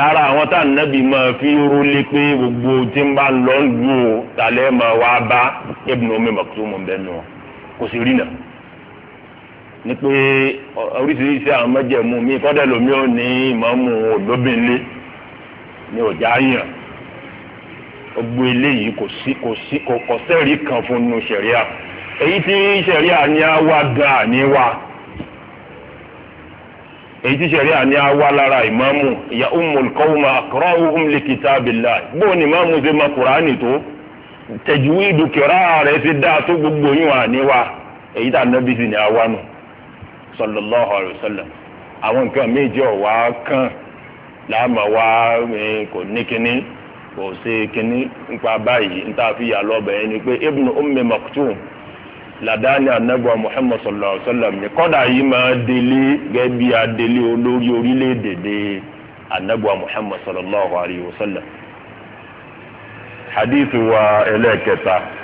ara àwọn tá nàbì máa fi rólé pé gbogbo tí ń bá lọ́ọ́ lù ú tàlẹ́ máa wá bá ibnu ummi maktumu ń ni pé oríṣiríṣi àwọn mẹ́jẹ̀mú mi kọ́dẹ̀ lomi ò ní ìmọ̀ọ́mù òdóbìnlé ni ọ̀já yàn gbogbo eléyìí kò sí kò sí kò kò sẹ́ẹ̀rí kan fún nu ṣẹ̀ríà èyí tí ṣẹ̀ríà ní á wá gan àní wá èyí tí ṣẹ̀ríà ní á wá lára ìmọ̀ọ́mù ìyá ummul qawma aqra'uhum li bóun ìmọ̀ọ́mù ṣe mọ kùránì tó tẹ̀jú ìdúkìrá rẹ̀ ti dáa tó gbogbo yín wà ní wa èyí tá a ni á wá nù. sallallahu alaihi wasallam àwọn nǹkan méjì ọ̀wá kàn láàmà wá eh, kò ní kínní kò ṣe kínní nípa báyìí níta fi yà lọ́bẹ̀ yẹn ni pé ibn ummi maktum ladani anagba muhammad sallallahu alaihi wasallam ni kọ́dà yìí máa délé gẹ́gẹ́ bí adélé olórí orílẹ̀-èdè dé anagba muhammad sallallahu alaihi wasallam hadithu wa ẹlẹ́kẹta.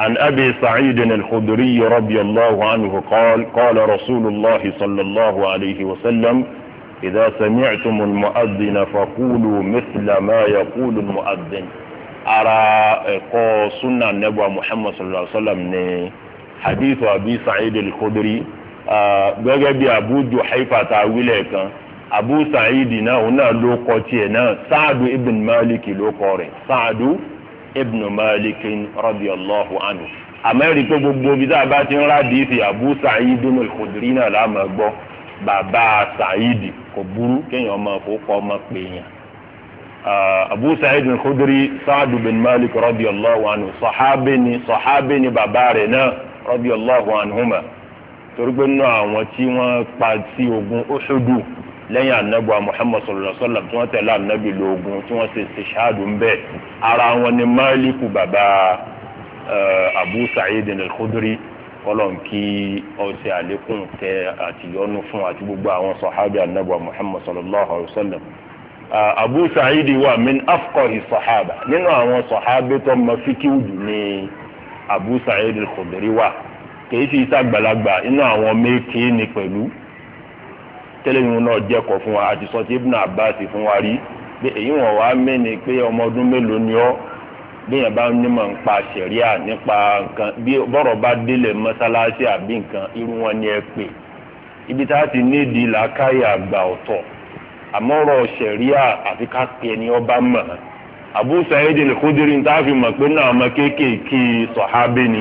عن أبي سعيد الخدري رضي الله عنه قال قال رسول الله صلى الله عليه وسلم إذا سمعتم المؤذن فقولوا مثل ما يقول المؤذن أرى سنة النبوة محمد صلى الله عليه وسلم حديث أبي سعيد الخدري gẹ́gẹ́ bí abu juhaifa ta wílẹ̀ kan abu sa'idi náà òun náà ló kọ tiẹ̀ náà saadu ibn maliki ló kọ rẹ̀ saadu ibn malik radiyallahu anhu àmẹ́rì pé gbogbo bí dáa bá ti ń rádìísì abu sa'id al-khudri náà láàmú gbọ́ bàbá sa'id kò burú kéèyàn ọmọ àkókò ọmọ pèèyàn. Ah, abu sa'id al-khudri sa'ad bin malik radiyallahu anhu sọ̀hábẹ́ni sọ̀hábẹ́ni bàbá rẹ̀ náà radiyallahu anhuma torí pé nínú àwọn tí wọ́n pa sí ogun Uhudu lẹ́yìn anabu muhammad sallallahu alaihi wa sallam tí wọ́n tẹ̀lé anabi lóògùn tí wọ́n ṣe ṣe ṣáàdù ń bẹ̀ ara wọn ni máàlíkù bàbá eh, abu sa'id al-khudri kọlọ̀n kí ọ̀sẹ̀ àlékún tẹ àtìyọ́nú fún àti gbogbo àwọn sọ̀hábì anabu muhammad sallallahu alaihi wa sallam eh, abu sa'id wa min afqahi sọ̀hábà nínú àwọn sọ̀hábì tó ma fíkíw jù ní abu sa'id al-khudri wa kèé fi sàgbàlagbà inú àwọn méèké ni pẹ̀lú tẹ́lẹ̀yìn náà jẹ́kọ̀ fún wa àti sọ́tí Ibn Abbas fún wa rí pé èyí wọn wá mẹ́ni pé ọmọ ọdún mélòó ni ọ́ bíyàn bá nímọ̀ ń pa ṣẹ̀ríà nípa nǹkan bí bọ́rọ̀ bá délẹ̀ mọ́sálásí àbí nǹkan irú wọn ni ẹ pè ibi tá a ti nídìí làákàyè àgbà ọ̀tọ̀ àmọ́ ọ̀rọ̀ ṣẹ̀ríà àfi ká pe ọba mọ̀ Abu Sa'id al-Khudri tá a fi mọ̀ pé náà ọmọ kéékèèké sọ̀hábé ni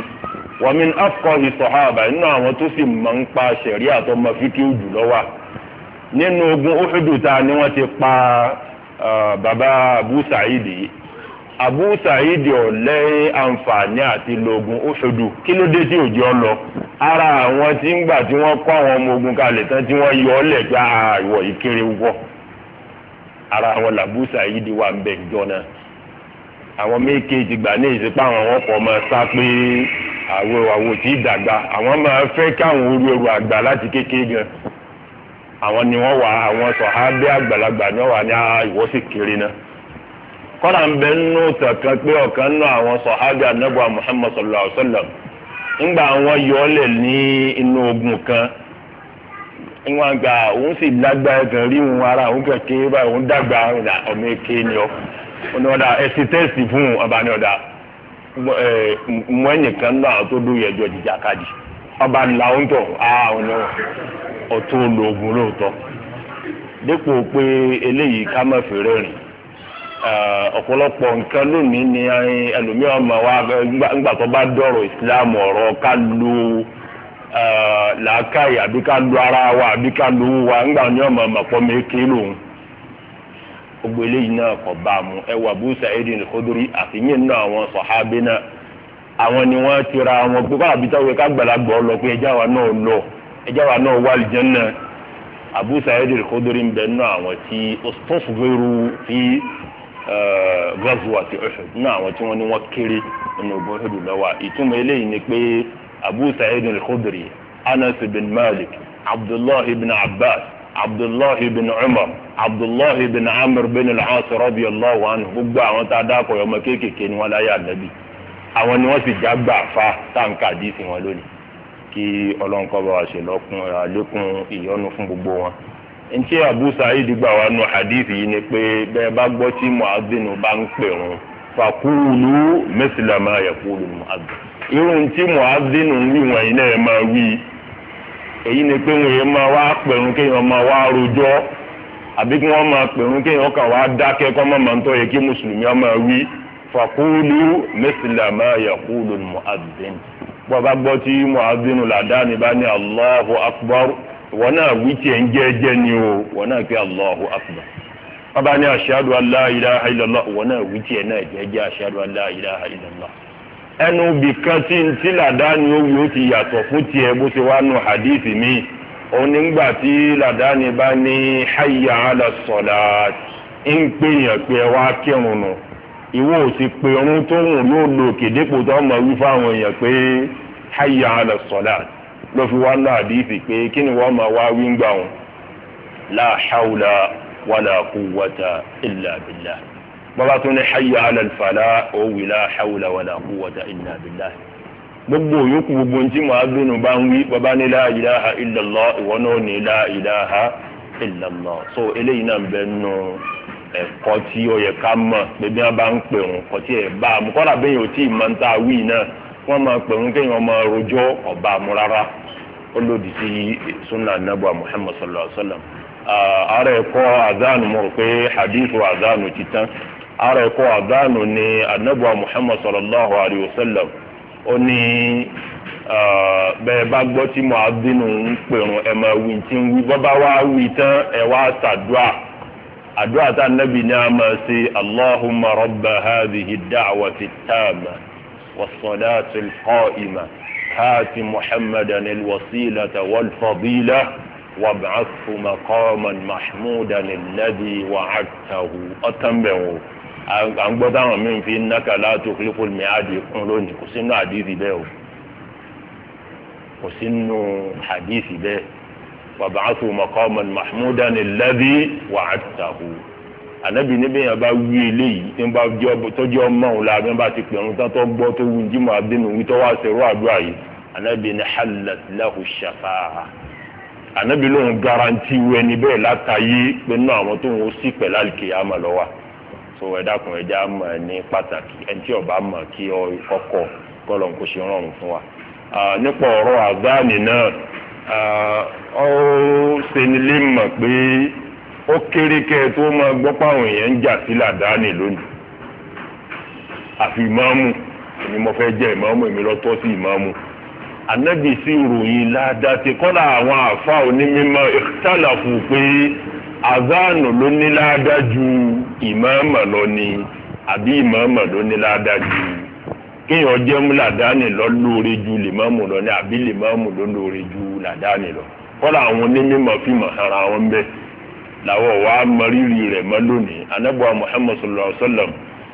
wa min afqahi sọ̀hábà nínú àwọn tó sì mọ̀ ń pa ṣẹ̀ríà tó mọ fíkí jù lọ́wọ́ nínú ogun Uhudu ni wọ́n ti pa bàbá Abu Sa'id Abu Sa'id ọ̀lẹ́ àǹfààní àti lógun Uhudu kí ló dé tí òjò ọ lọ ara àwọn tí ń gbà tí wọ́n kọ́ àwọn ọmọ ogun kalẹ̀ tán tí wọ́n yọ ọ́ lẹ̀ àwọ̀ ah, ìkéré wọ́ ara àwọn làbú Sa'id wà ń bẹ̀ jọ náà àwọn méjèèjì gbà ní ìsìnkú àwọn wọn kọ máa sá pé àwọn àwò tí dàgbà àwọn máa fẹ́ káwọn orí ẹrù àgbà láti kékeré gan àwọn ni wọn wà àwọn sọ̀hábí àgbàlagbà ni wọ́n wà ní ìwọ́ sì kiri náà kọ́nà ń bẹ nínú tẹ̀kan pé ọ̀kan nínú àwọn sọ̀hábí anábọ̀ Muhammad sallallahu alayhi wa sallam ńgbà ní inú ogun kan wọn òun sì ara òun báyìí òun dàgbà ọmọ èké ni ọ fún ọba ní ẹnìkan náà tó ọba ńlá ń tọ̀ ọ̀nà ọ̀tún olóògùn lóòótọ́ dípò pé eléyìí ká má fi rẹ́rìn ọ̀pọ̀lọpọ̀ nǹkan lónìí ni ẹlòmíràn mọ̀ wá ńgbà tó bá dọ̀rọ̀ ìsìláàmù ọ̀rọ̀ ká làákàyè àbí ká ara wa àbí ká wa ńgbà ní ọmọ ọmọpọ̀ mẹ́kẹ́ lòun eléyìí náà kọ̀ bá a àwọn ni wọ́n ti ra wọn pé báwa bíi táwọn kágbàlagbà ọ lọ pé ẹjá wa náà lọ ẹjá wa náà wà lìjánná Abu Sa'id al-Khudri ń bẹ nínú àwọn tí ostofveru fi ghazwat Uhud nínú àwọn tí wọ́n ní wọ́n kéré nínú ogun Uhud lọ́wọ́ ìtumọ̀ eléyìí ni pé Abu Sa'id al-Khudri Anas bin Malik Abdullahi bin Abbas abdullahi bin umar abdullahi bin amr bin al-as radiyallahu anhu gbogbo àwọn tá a dákọ̀ ọmọ kéékèèké ni wọ́n láyé ànábì àwọn ni wọ́n sì já gbà fa táǹkà díìsì wọn lónìí kí ọlọ́run wa ṣe lọ́kùn àlékún ìyọ́nú fún gbogbo wọn. ntí Abu Sa'id gbà wá nu hadith yìí ni pé bẹ́ẹ̀ bá gbọ́ tí mu'adhdhinu bá ń pè wọn faqulu mithla ma yaqulu mu'adhdhin. irun tí mu'adhdhinu ń wí wọ̀nyí náà máa wí èyí ni pé wọn yẹn máa wá pẹ̀rùn kéèyàn máa wá rojọ́ àbí kí wọ́n máa pẹ̀rùn kéèyàn kàn wá dákẹ́ kọ́ mọ́ màá ń tọ́ yẹ kí mùsùlùmí máa wí fàkúlù mẹsìlámà yàkúlù mu'adhin bọba gbọ́ tí mu'adhin làdáni bá ní allahu akbar wọn náà wí tiẹ̀ ń jẹ́jẹ́ ni o wọn náà pé allahu akbar bọba ní ashhadu an la ilaha illallah wọn náà wí tiẹ̀ náà jẹ́jẹ́ ashhadu an la ilaha illallah ẹnu bìkan tí ń tí làdáni ó yóò ti yàtọ̀ fún tiẹ̀ bó ṣe wá nu hadithi mi onígbà tí làdáni bá ala salat ń pè yàn pé wá kírun nù. No ìwọ ò sì pé ọrún tó ń rí òdo kèdépò tó ọmọ wí fáwọn èèyàn pé hayya ala salat ló fi wá náà àdìsí pé kí ni wọ́n máa wá wí ń gbà wọn la hawla wala quwwata illa billah bàbá tó ní hayya ala falah ó wí la hawla wala quwwata illa billah gbogbo yòókù gbogbo ntí màá dùnú bá ń wí bàbá ní la ilaha illallah ìwọ náà ní la ilaha illallah so eléyìí náà ń nù. ẹ̀kọ́ tí ó yẹ ká mọ̀ pé bí wọ́n bá ń pè òun kọ́ tí ẹ̀ bá mu kọ́dà bẹ́ẹ̀ yóò tí ì máa ń ta wí náà wọ́n máa pè anabuwa sallallahu alaihi wa sallam ara ẹ̀kọ́ azanu mo rò hadithu azanu ti tán ara ẹ̀kọ́ azanu ni anabuwa sallallahu alaihi wa sallam ó ní bẹ́ẹ̀ bá gbọ́ tí mo ń pè ẹ̀ máa wí tí ń wí àdúrà tá nábì ní a máa ṣe allahumma rabba hadhihi da'wati tama was-salati al-qa'ima hati muhammadan al-wasilata wal-fadila wab'athu maqaman mahmudan alladhi wa'adtahu ọ̀tánbẹ̀wò à ń fi innaka la tukhliqul mi'ad kún lónìí kò sínú àdìsí o kò sínú àdìsí bẹ́ẹ̀ wàbàtú maqaman mahmudan alladhi wa'adtahu ànábì níbi yẹn bá wí eléyìí tí n bá tọ́jú ọmọ òun la bí n bá ti pè ń tán tó gbọ́ tó wù jímọ̀ abínú wí tó wá sẹ̀rọ àdúrà yìí ànábì ní halat lahu shafa'a ànábì lóun garanti wẹ ni látàyé pé náà àwọn tó ń wo sí pẹ̀lú àlìkèyàmà lọ́wọ́ so ẹ dákun ẹ mọ̀ ní pàtàkì ẹni tí ọba mọ̀ kí ọ kọ́kọ́ kọ́ kó ṣe rọrùn fún wa nípa ọ̀rọ̀ àgbáàní náà ó ṣeni lè mọ̀ pé ó kéré kẹ́ ẹ tó máa gbọ́ páwọn èèyàn ń jà sí làdáni lónìí àfi ìmáàmù èmi mo fẹ́ jẹ́ ìmáàmù èmi lọ tọ́ sí ìmáàmù anabi sí ròyìn ládàá ti kọ́lá àwọn àfa onímọ̀ ìtàlàfù pé azánù ló ní ládàá ju ìmáàmù lọ ni àbí ìmáàmù ló ní ládàá ju kéèyàn jẹ́ mú làdáni lọ lóore ju lèmọ́mù lọ ní àbí lèmọ́mù lọ lóore ju làdáni lọ kọ́lá àwọn onímọ̀ fi mọ̀ ara wọn bẹ́ẹ̀ làwọn wà á mọ rírì rẹ̀ mọ́ lónìí anábọ̀ Muhammad sallallahu alayhi wa sallam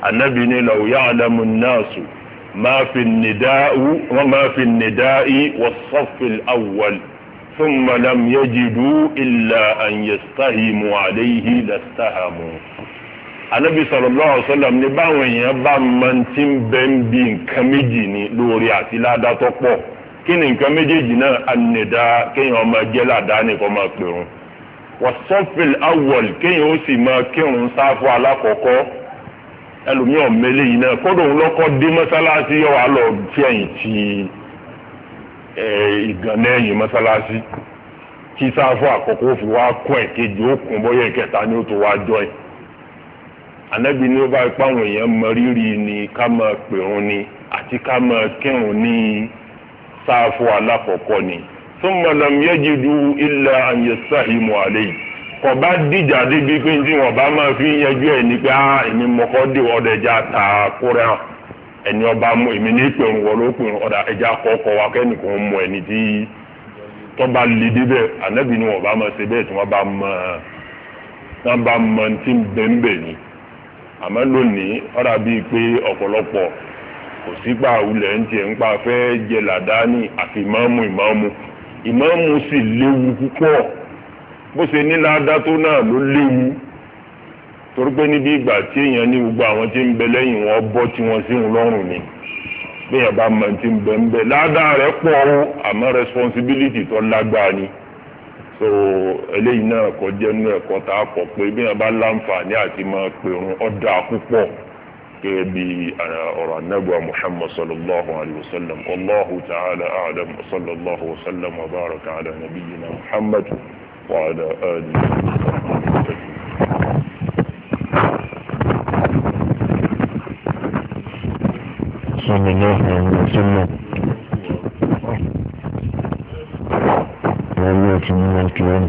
anábì ní law ya'lamu an-nasu ma fi an-nida'i wa ma fi an-nida'i was-saff al-awwal thumma lam anabi sallallahu alaihi wasallam ní báwọn èèyàn bá máa ti ń bẹ ń bi nǹkan méjì ní lóore àti ládàtọ pọ̀ kí ni nǹkan méjèèjì náà ànìdá kéèyàn ọmọ jẹ ládàá nìkan máa pèrún wasọfil awọl kéèyàn ó sì máa kírun sáfù alákọ̀ọ́kọ́ ẹlòmíì ọ̀mẹ́lé yìí náà kọ́dọ̀ òun lọ́kọ́ dé mọ́sálásí yọ wà lọ tí ẹ̀yìn ti ìgànnà ẹ̀yìn mọ́sálásí kí sáfù àkọ́kọ́ fi wá kún ẹ̀kejì ó kún bọ́yẹ̀ kẹta ni ó tó wá jọ ẹ̀. anabi ọba ó bá ipá àwọn èèyàn mọ rírì ni ká ni àti ká kírun ní sáfù alákọ̀ọ́kọ́ ni thumma lam yajidu illa an kò bá dìjà débi pé tí fi yanjú ẹ ní pé á mọkọ ẹja ta hàn ọba mú èmi ní wa kẹ́nìkan ẹni tí tọ́ba lè débẹ̀ ni wọn bá máa ṣe bẹ́ẹ̀ tí wọ́n bá mọ ni àmọ́ lónìí ọ̀rà bíi pé ọ̀pọ̀lọpọ̀ kò sígbà wulẹ̀ ń tiẹ̀ ń pa fẹ́ jẹ làdáni àfi ìmáàmù ìmáàmù ìmáàmù sì léwu púpọ̀ bó ṣe ní ládá tó náà ló léwu torí pé níbi ìgbà tí èèyàn ní gbogbo àwọn tí ń bẹ lẹ́yìn wọn bọ́ tí wọ́n sí wọn lọ́rùn ni bí èèyàn bá mọ ti ń bẹ ń bẹ ládá rẹ̀ pọ̀ o àmọ́ responsibility tó lágbára ni so eléyìí náà kò jẹ́ inú ẹ̀kọ́ tá a kọ̀ pé bí wọ́n bá láǹfààní àti máa pèrún ọ̀dà púpọ̀ gẹ́gẹ́ bí eh, ọ̀rọ̀ anábọ̀ muhammad sallallahu alayhi wa sallam allahu ta'ala a'lam sallallahu wa sallam wa baraka ala nabiyyina muhammad wa ala alihi wa sallam. ayé àti nínú kíláàmù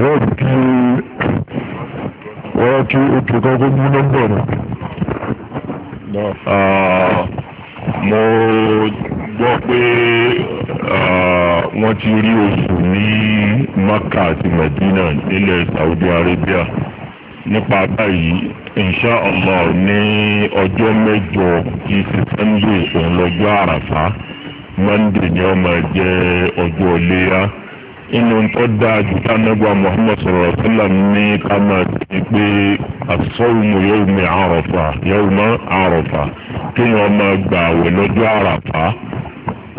lọ́wọ́ ẹ̀yìn wọ́n kí wọ́n kí òkè kọ́kọ́ mú nọ́mbà náà. mo gbọ́ wọ́n ti rí oṣù ní Maka àti Medina nílẹ̀ Saudi Arabia nípa báyìí insha Allah ní ọjọ́ mẹ́jọ ti sísẹ́ńdé òun lọ́jọ́ àràfá monday ni ó máa jẹ́ ọjọ́ iléyà inú tó dáa ju tánàgbà muhammad sọ̀rọ̀ sílẹ̀ ní ká máa ti pé asọ́wùmù yóò mi àròfà yóò mọ àròfà kí wọ́n máa gbà àwẹ̀ lọ́jọ́ àràfà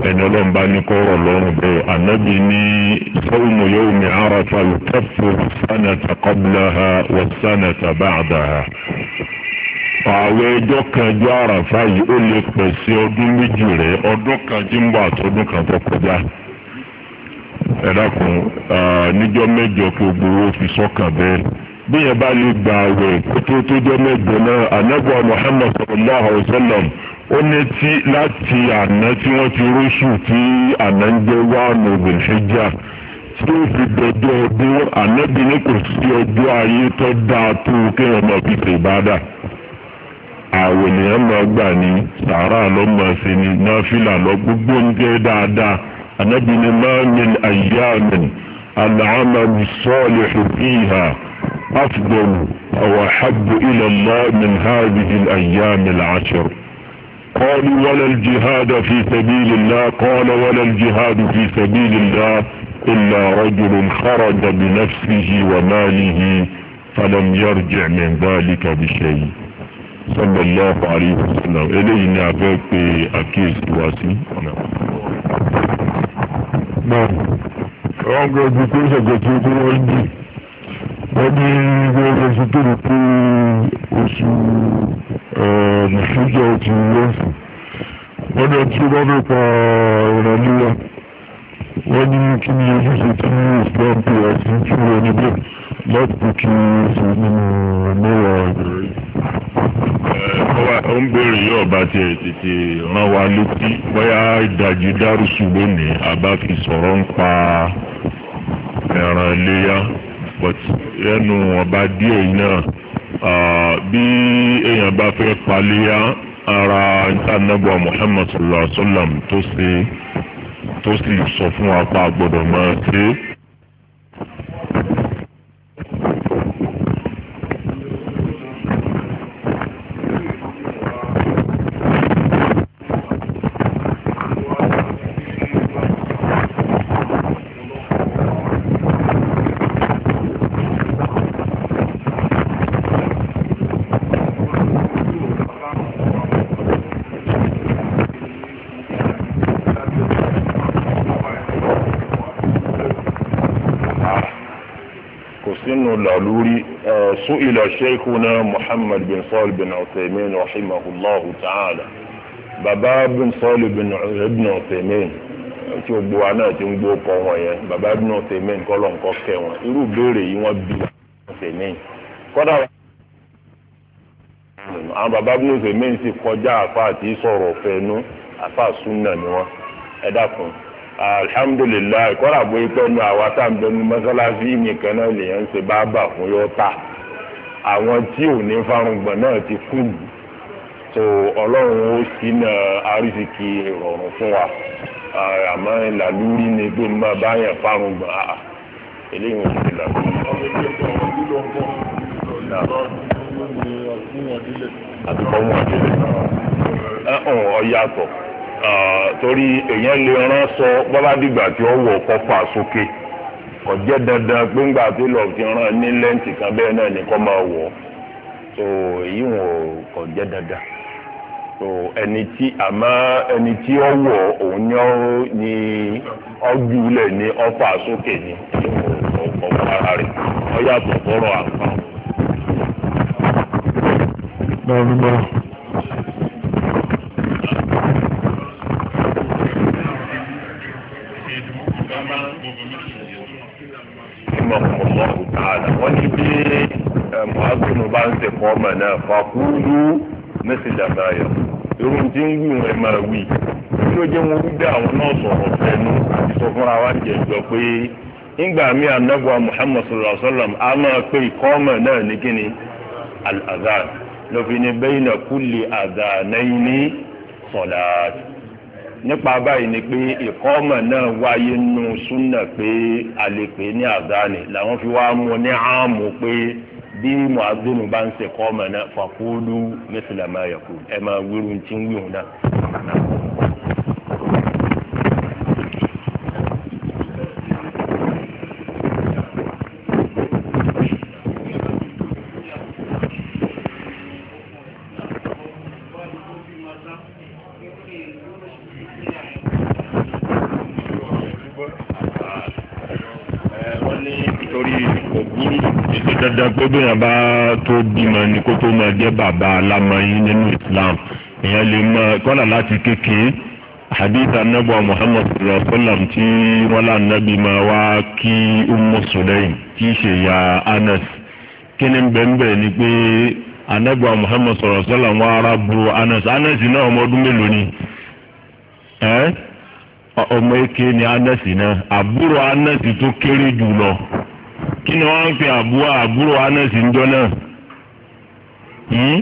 ẹni ọlọ́run bá ní kọ́ ọ̀rọ̀ lọ́rùn bẹ́ẹ̀ ànábì ní sọ́wọ́mù yóò mi àròfà yóò kẹ́fù sánàtà ha wọ́n sánàtà báàdà ha. ààwẹ̀ ọjọ́ kan àràfà yìí ó lè pọ̀ ọdún méjì rẹ̀ ọdún kan tí ń bọ̀ kan tó kọjá ẹ dákun níjọ́ mẹ́jọ kí gbowó fi sọ́kàn bẹ́ẹ̀ bí yẹn bá lè gba ààwẹ̀ kótó tó jẹ́ mẹ́jọ náà anábọ̀ Muhammad sallallahu alayhi wa sallam ó ní ti rúṣù tí àná ń tí ó fi dọjọ́ ọdún ànábì ní kò sí ayé tó dáa tó fi àwọn ènìyàn ní sàárà lọ́mọ ṣe ní náfìlà lọ gbogbo ń jẹ́ dáadáa ànábì ni máa n gé daadaa anabi ni maa n yin àyàmìn àlàámàlù sọ́ọ̀lì ṣùfìhà afdalu àwọn àhábù ilẹ̀ lọ́ min hàbìhì àyàmì làásùr. قالوا ولا الجهاد في سبيل الله قال ولا الجهاد في سبيل الله إلا رجل خرج بنفسه وماله فلم يرجع من ذلك بشيء sallallahu alaihi wasallam eléyìí ni a fẹ́ pe àkíyèsí wa sí ọ̀nà. náà wọ́n gbé ibi tó ń ṣẹ̀jẹ̀ tí ó kó wọ́n dì wọ́n ní gbogbo oṣù tó lè pé oṣù nìṣújọ́ ti lọ́sùn wọ́n ní ọtí wọ́n fẹ́ pa ọ̀rọ̀ lílọ wọ́n ní kí ni ojúṣe tí islam pè àti tí wọ́n ní bẹ́ẹ̀. lọ́pù kí ṣe nínú mẹ́wàá ọ̀dọ̀ yìí. ó ń béèrè yóò bá tiẹ̀ tètè rán wa létí bóyá ìdajì dárúsù lónìí bá fi sọ̀rọ̀ ń pa ẹran iléyà ọba díẹ̀ náà bí èèyàn bá fẹ́ paléyà ara Muhammad sallam sọ fún apá gbọ́dọ̀ máa ṣe شيخنا محمد بن صالح بن عثيمين رحمه الله تعالى bàbá بن صالح بن ọ̀tẹ̀mẹ́n tí ó gbowó náà ti ń gbó kọ́ wọn yẹn bàbá bin ọ̀tẹ̀mẹ́n kọ́ ló ń kọ́ kẹ́ wọn irú béèrè yìí wọ́n bí ọ̀tẹ̀mẹ́n kọ́dà wọn. àwọn bàbá bin ọ̀tẹ̀mẹ́n sì kọjá àfa àti sọ̀rọ̀ fẹ́nu àfa súnà ni wọn ẹ dákun alhamdulilayi kọ́dà bóyá pẹ́ẹ́nu àwa tá à ń bẹnu mọ́sálásí nìkan náà lèèyàn ń ṣe bá bà fún yọ́ta àwọn tí ò ní fárùngbọ̀n náà ti kú yìí so ọlọ́run ó ṣínà àrísìkì ìrọ̀rùn fún wa àmọ́ ìlàlúrí ni pé má báyàn fárùngbọ̀n àà eléyìí ò sí làlúrí. àtúkọ̀ wọn àdélé ẹ̀hún ọ̀yàtọ̀ torí èèyàn lè rán sọ bọ́lá dìgbà tí ó wọ̀ kọ́ fà sókè. Okay kò jẹ́ dandan pé ńgbà tí lọ fi rán ní lẹ́ǹtì kan bẹ́ẹ̀ náà ní kọ́ máa wọ̀ so èyí wọn kò jẹ́ dandan so ẹni tí àmọ́ ni ó ní ọ́júlẹ̀ ní ọ́fà sókè ni ọ̀pọ̀ ara rẹ̀ yàtọ̀ ta'ala wọ́n ní bí muhammadu bá ń ṣe kọ́ ọmọ náà fàkúrú mẹ́sìlá báyọ̀ irú tí ń wí wọn máa wí kí ló jẹ́ wọn wípé àwọn náà sọ̀rọ̀ fẹ́nu àti sọ fúnra wa jẹ́ jọ pé nígbà míì anábọ̀ muhammad sallallahu alayhi wa sallam a máa pé ìkọ́ ọmọ náà ní kíni al-azan lọ́fi ní bayna kulli azanaini salat nípa báyìí ni pé ìkọ́mọ̀ náà wáyé nù súnà pé àlèpé ní àdáni làwọn fi wá mú ní àmú pé bí muazinu bá ń ṣe kọ́mọ̀ náà faqulu mithla ma yaqulu ẹ̀ máa wíru ti ń wíwù náà. bẹ́ẹ̀ bá tó bímọ ni kó tó máa jẹ́ bàbá nínú islam èèyàn lè mọ kọ́là láti kékeré hadith anabuwa muhammad sallallahu tí wọ́n umu tí ṣe ya anas kí ni ni pé anabuwa muhammad sallallahu wa ara bu anas anas náà ọmọ ọdún mélòó ni ọmọ eke ni anas náà àbúrò anas tó kéré jù kí ni wọ́n ń fi àbúrò àbúrò anẹ́sì ń jọ náà hmm?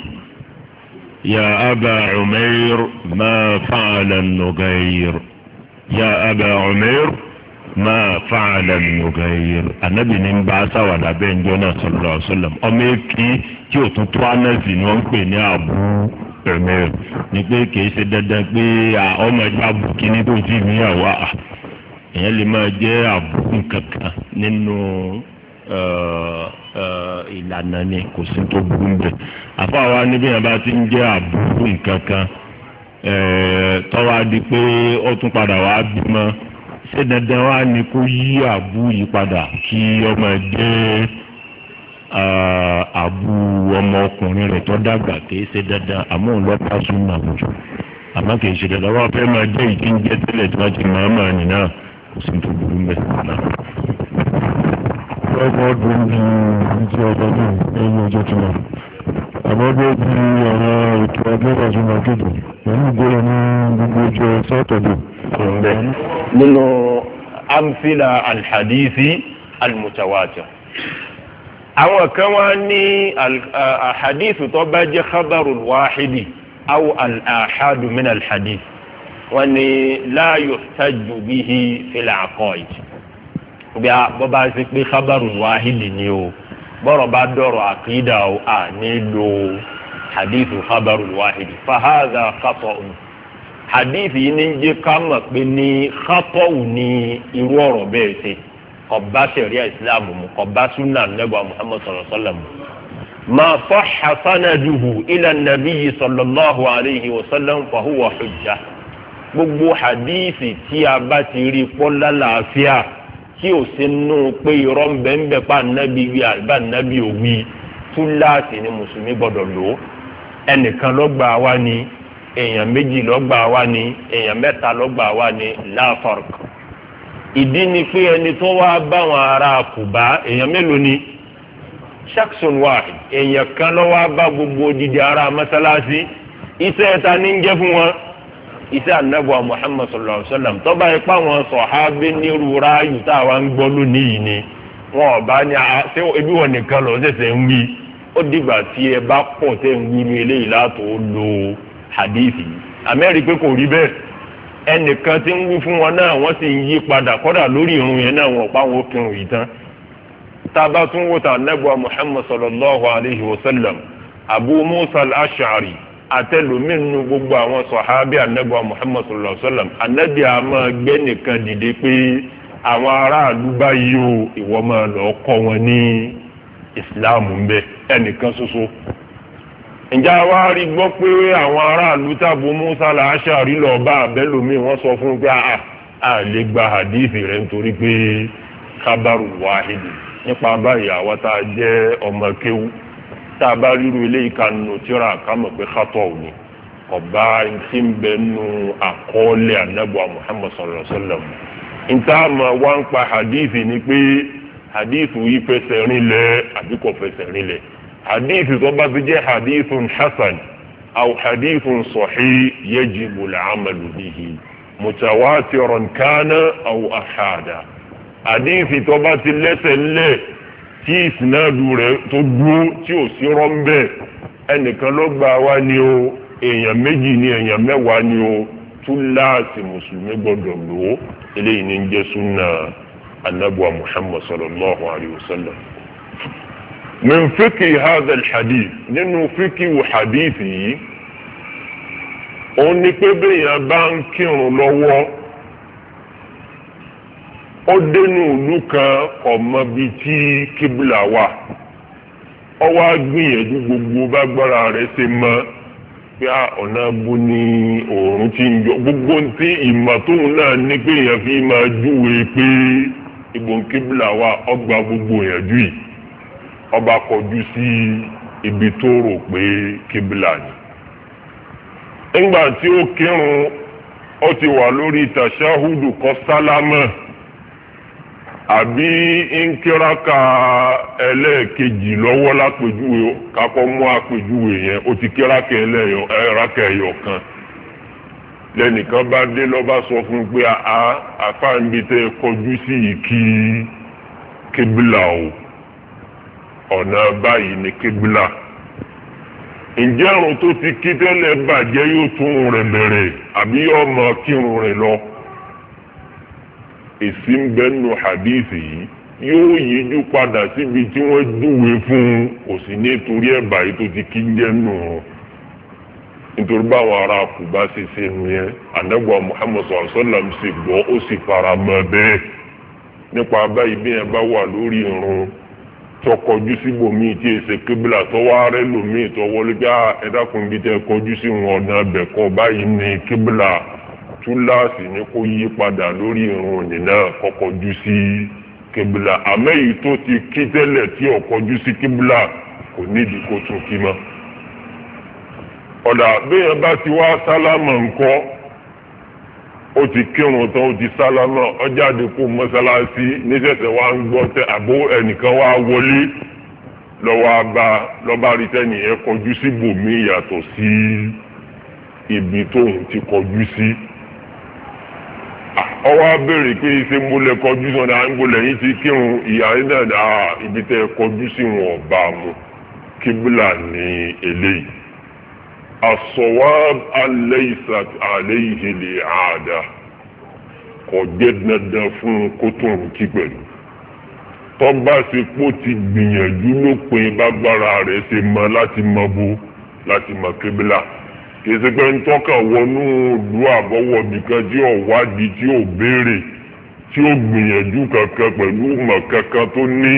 ya aba umair ma fa'ala nugayir ya aba umair ma fa'ala nugayir anabi ni ba sáwàdà bẹ́ẹ̀ ń jọ náà sallallahu alaihi wasallam ọmọ èkì tí ò tún tó anẹ́sì ni wọ́n ń pè ní àbú ni pé kì í dandan pé ọmọ ẹgbẹ́ abùkíní tó ti fi hàn wá èèyàn lè máa jẹ́ àbùkù kankan nínú ìlànà ni kò sí tó burú bẹ̀. àfọwọ́ níbi yẹn bá ti ń jẹ́ àbùkù kankan tọ́wọ́ di pé ó tún padà wá bímọ ṣé dandan wá ni kó yí àbú yìí padà kí ọmọ jẹ́ àbú ọmọ ọkùnrin rẹ̀ tó dàgbà kì í ṣe dandan àmọ́ òun lọ́pàá sún nàbùjọ àmọ́ kì í ṣe dandan wá fẹ́ máa jẹ́ ìdí tẹ́lẹ̀ tí wọ́n ti máa máa nì sí tó burú mẹ́ta náà. lọ́gbọ́n ọdún ní ìdí ọjọ́ náà lẹ́yìn ọjọ́ tó lọ. àbọ̀dé bí ọ̀rọ̀ ètò ẹgbẹ́ ìbàjúmọ̀ kéde pẹ̀lú ìgbéra ní gbogbo ọjọ́ sátọ̀dẹ̀. nínú amsila alhadisi almutawatir àwọn kan wá ní alhadisi tó bá jẹ́ khabarul wahidi aw alahadu min alhadisi wọ́n ní láàyò tájù bíi fìlà àkọ́ọ̀d bí a bọ́ bá ṣe pé kábàrù wáhìdì ni o bọ́rọ̀ bá dọ̀rọ̀ àkídà o à nílò hadithu kábàrù wáhìdì fàhádà kàtọ́ hadith yìí ní jẹ́ ká mọ̀ pé ní kàtọ́ ò ní irú ọ̀rọ̀ bẹ́ẹ̀ ṣe kọba sẹ̀ríà islam mu kọba sunna nẹ́gbà muhammad sallallahu alayhi wa sallam ma sahha sanaduhu ila nabiyyi sallallahu alayhi wa sallam fa huwa hujjah gbogbo hadithi tí a bá ti rí pọ́nlá làáfíà tí ò sí nù pé irọ́ ń bẹ ń bẹ pa ànábì wí àbá ànábì ò wí túláàsì ni mùsùlùmí gbọ́dọ̀ lò ó ẹnìkan lọ́gbà wa ni èèyàn méjì lọ́gbà wa ni èèyàn mẹ́ta lọ́gbà wa ni láfark ìdí ni pé ẹni tó wá báwọn ará kùbá èèyàn mélòó ni shaksun wahid èèyàn kan ló wá bá gbogbo odidi ará mọ́sálásí iṣẹ́ ta ni ń jẹ́ fún wọn iṣẹ́ anabuwa muhammad sallallahu alayhi wa sallam tọ́ba ipá wọn sọ̀hábí nírú ráàyù tá a wá ń gbọ́ lónìí yìí ni wọn ò bá ní a ah, ṣé ibi wọn nìkan lọ ṣẹ̀ṣẹ̀ ń wí ó dìgbà tí ẹ bá pọ̀ tẹ́ ń wí ní eléyìí látò lo hadithi amẹ́rì kò rí bẹ́ẹ̀ ẹnìkan tí ń wí fún wọn náà wọ́n sì ń yí padà kọ́dà lórí irun yẹn náà wọn pa wọn ó yìí tán tába tún wò anabuwa muhammad sallallahu alayhi wa sallam abu musa al-ashari àtẹlómìnú gbogbo àwọn sọ̀hábí anábọ̀ muhammad sallallahu alayhi wa sallam anábì a máa gbé nìkan dìde pé àwọn aráàlú báyìí o ìwọ máa lọ kọ́ wọn ní islam ń bẹ ẹnìkan ṣoṣo ǹjẹ́ àwa rí gbọ́ pé àwọn aráàlú tàbí musa làásàrí lọ bá abẹ́lómi wọ́n sọ fún un pé a ah, a lè gba hadith rẹ̀ nítorí pé kábàrù wáhìdì nípa báyìí àwa tá a jẹ́ ọmọ kéwú tá a bá ríru eléyìí ká nù tíra ká mọ̀ pé xatọ́ ò ní ọba ntí ń bẹ nù àkọọ́lẹ̀ anábọ̀ Muhammad sallallahu alaihi wasallam nta ma wá ń pa hadith ni pé hadith yìí fẹsẹ̀ rinlẹ̀ àbí kò fẹsẹ̀ rinlẹ̀ hadith tó bá ti jẹ́ hadith hasan aw hadith sahih yajibu al-amalu bihi mutawatiran kana aw ahada hadith tó bá ti lẹ́sẹ̀ lẹ́ẹ̀ tí ìsìnàdù rẹ̀ tó dúró tí ò sí rọ́ńbẹ́ ẹnìkan ló gbà wá ni o èèyàn méjì ni èèyàn mẹ́wàá ni o túláàsì mùsùlùmí gbọdọ̀ lò ó eléyìí ni ń jẹ́ súnà anabuwa muhammad sallallahu alayhi wa sallam. min fíkì hadha alhadith nínú fíkì wù yìí òun ni pé bẹ́ẹ̀ yẹn bá ń kírun lọ́wọ́. ó dénú ìlú kan ọmọ bíi tí kíbùlà wà ó wá gbìyànjú gbogbo bágbára rẹ̀ ṣe mọ́ pé ah, ọ̀nà bu ni òòrùn ti ń gbogbo ti ìmọ̀ tóun náà ní pé èèyàn fi máa júwe pé ìbò kíbùlà wà ọgbà gbogbo ìyànjú yìí ọba kọjú sí ibi tó rò pé kíbùlà ni nígbà tí ó kírun ó ti wà lórí tàṣáhùdù kọ sálámà àbí nkíraka ẹlẹ́ẹ̀kejì lọ́wọ́ lápèjúwe kakọ́ mú àpèjúwe yẹn ó ti kíraka ẹlẹ́ẹ̀raka ẹ̀yọ kan lẹ́nìkan bá dé lọ́ba sọ fún pé a àfáàǹbi tẹ kọjú sí kí kébìlà o ọ̀nà báyìí ni kébìlà ǹjẹ́ àrùn tó ti kí tẹ́lẹ̀ bàjẹ́ yóò tún rẹ̀ bẹ̀rẹ̀ àbí yóò kírun rẹ̀ lọ. èsì ń bẹ yi hadisi yìí yóò yíjú padà síbi tí wọ́n júwe fún kò sí tó ti kí jẹ́ nù nítorí báwọn ará kùbá ṣe ṣe nu yẹn anagba muhammed sọlá sọlám sì gbọ́ ó sì fara mọ́ bẹ́ẹ̀ nípa báyìí bí yẹn bá wà lórí irun tó kọjú síbòmíì tí èsè kébìlà tó wá rẹ túláàsì ni kó yí padà lórí irun òní náà kọkọjú sí kíbla àmẹ́yìí tó ti kí tẹ́lẹ̀ tí ò kọjú sí kíbla kò nídìí kó tún kí mọ́. ọ̀dà béèyàn bá ti wá sálámà ńkọ́ ó ti kírun tán ó ti sálámà ọjáde kó mọ́sálásí níṣẹ̀ṣẹ̀ wá ń gbọ́ tẹ àbó ẹnìkan wá wọlé lọ́wọ́ abá lọ́ba rí tẹ́nìyẹn kọjú sí bòmí yàtọ̀ sí ibi tóun ti kọjú sí. Si ọwọ́ abèrè pé ṣé mo lè kọjú sọ̀dà ńgbò lẹ́yìn tí kírun ìyá ìdàdà ibi tẹ́ kọjú sí wọn ọba mu kíbùlà ní eléyìí àsọ̀wá aláìsà aláìhì lè àdá kò jẹ́ dandan fún kótó kí pẹ̀lú tọ́ba ṣe pò ti gbìyànjú lópin bágbára rẹ̀ ṣe mọ láti mọ bó láti mọ kíbùlà kìsì pé ń tọ́ka wọnú ìlú àbọ̀wọ̀ nìkan tí ò wádìí tí ò béèrè tí ò gbìyànjú kankan pẹ̀lú ìmọ̀ kankan tó ní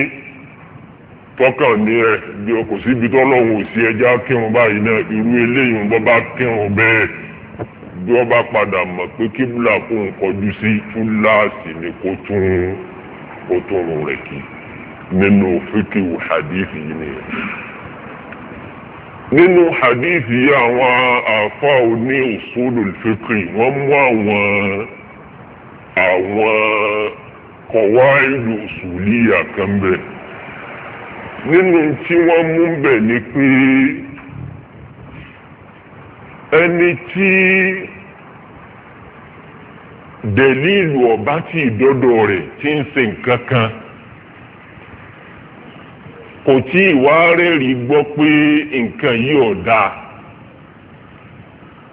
tọ́ka ní ẹ bí o kò síbi tó lọ́wọ́ sí ẹja kírun báyìí náà irú eléyìí ń bá kírun bẹ́ẹ̀ bí wọ́n bá padà mọ̀ pé kíbùlà kò ń kọjú sí túláàsì ni kó tún kó tún rẹ̀ kí nínú fíkìwù hadith yìí nìyẹn. nínú hadithi yìí àwọn àfa òní usulul fiqh wọn mú àwọn àwọn kọ̀wáìlù usuliya kan bẹ̀ nínú tí wọn mú bẹ̀ ni pé ẹni tí dẹ̀lílù ọ̀bá tí ìdọ́dọ̀ rẹ̀ ti ń ṣe nǹkan kan. kan kò tí ì wá rẹ́rìí gbọ́ pé nǹkan yìí ò dáa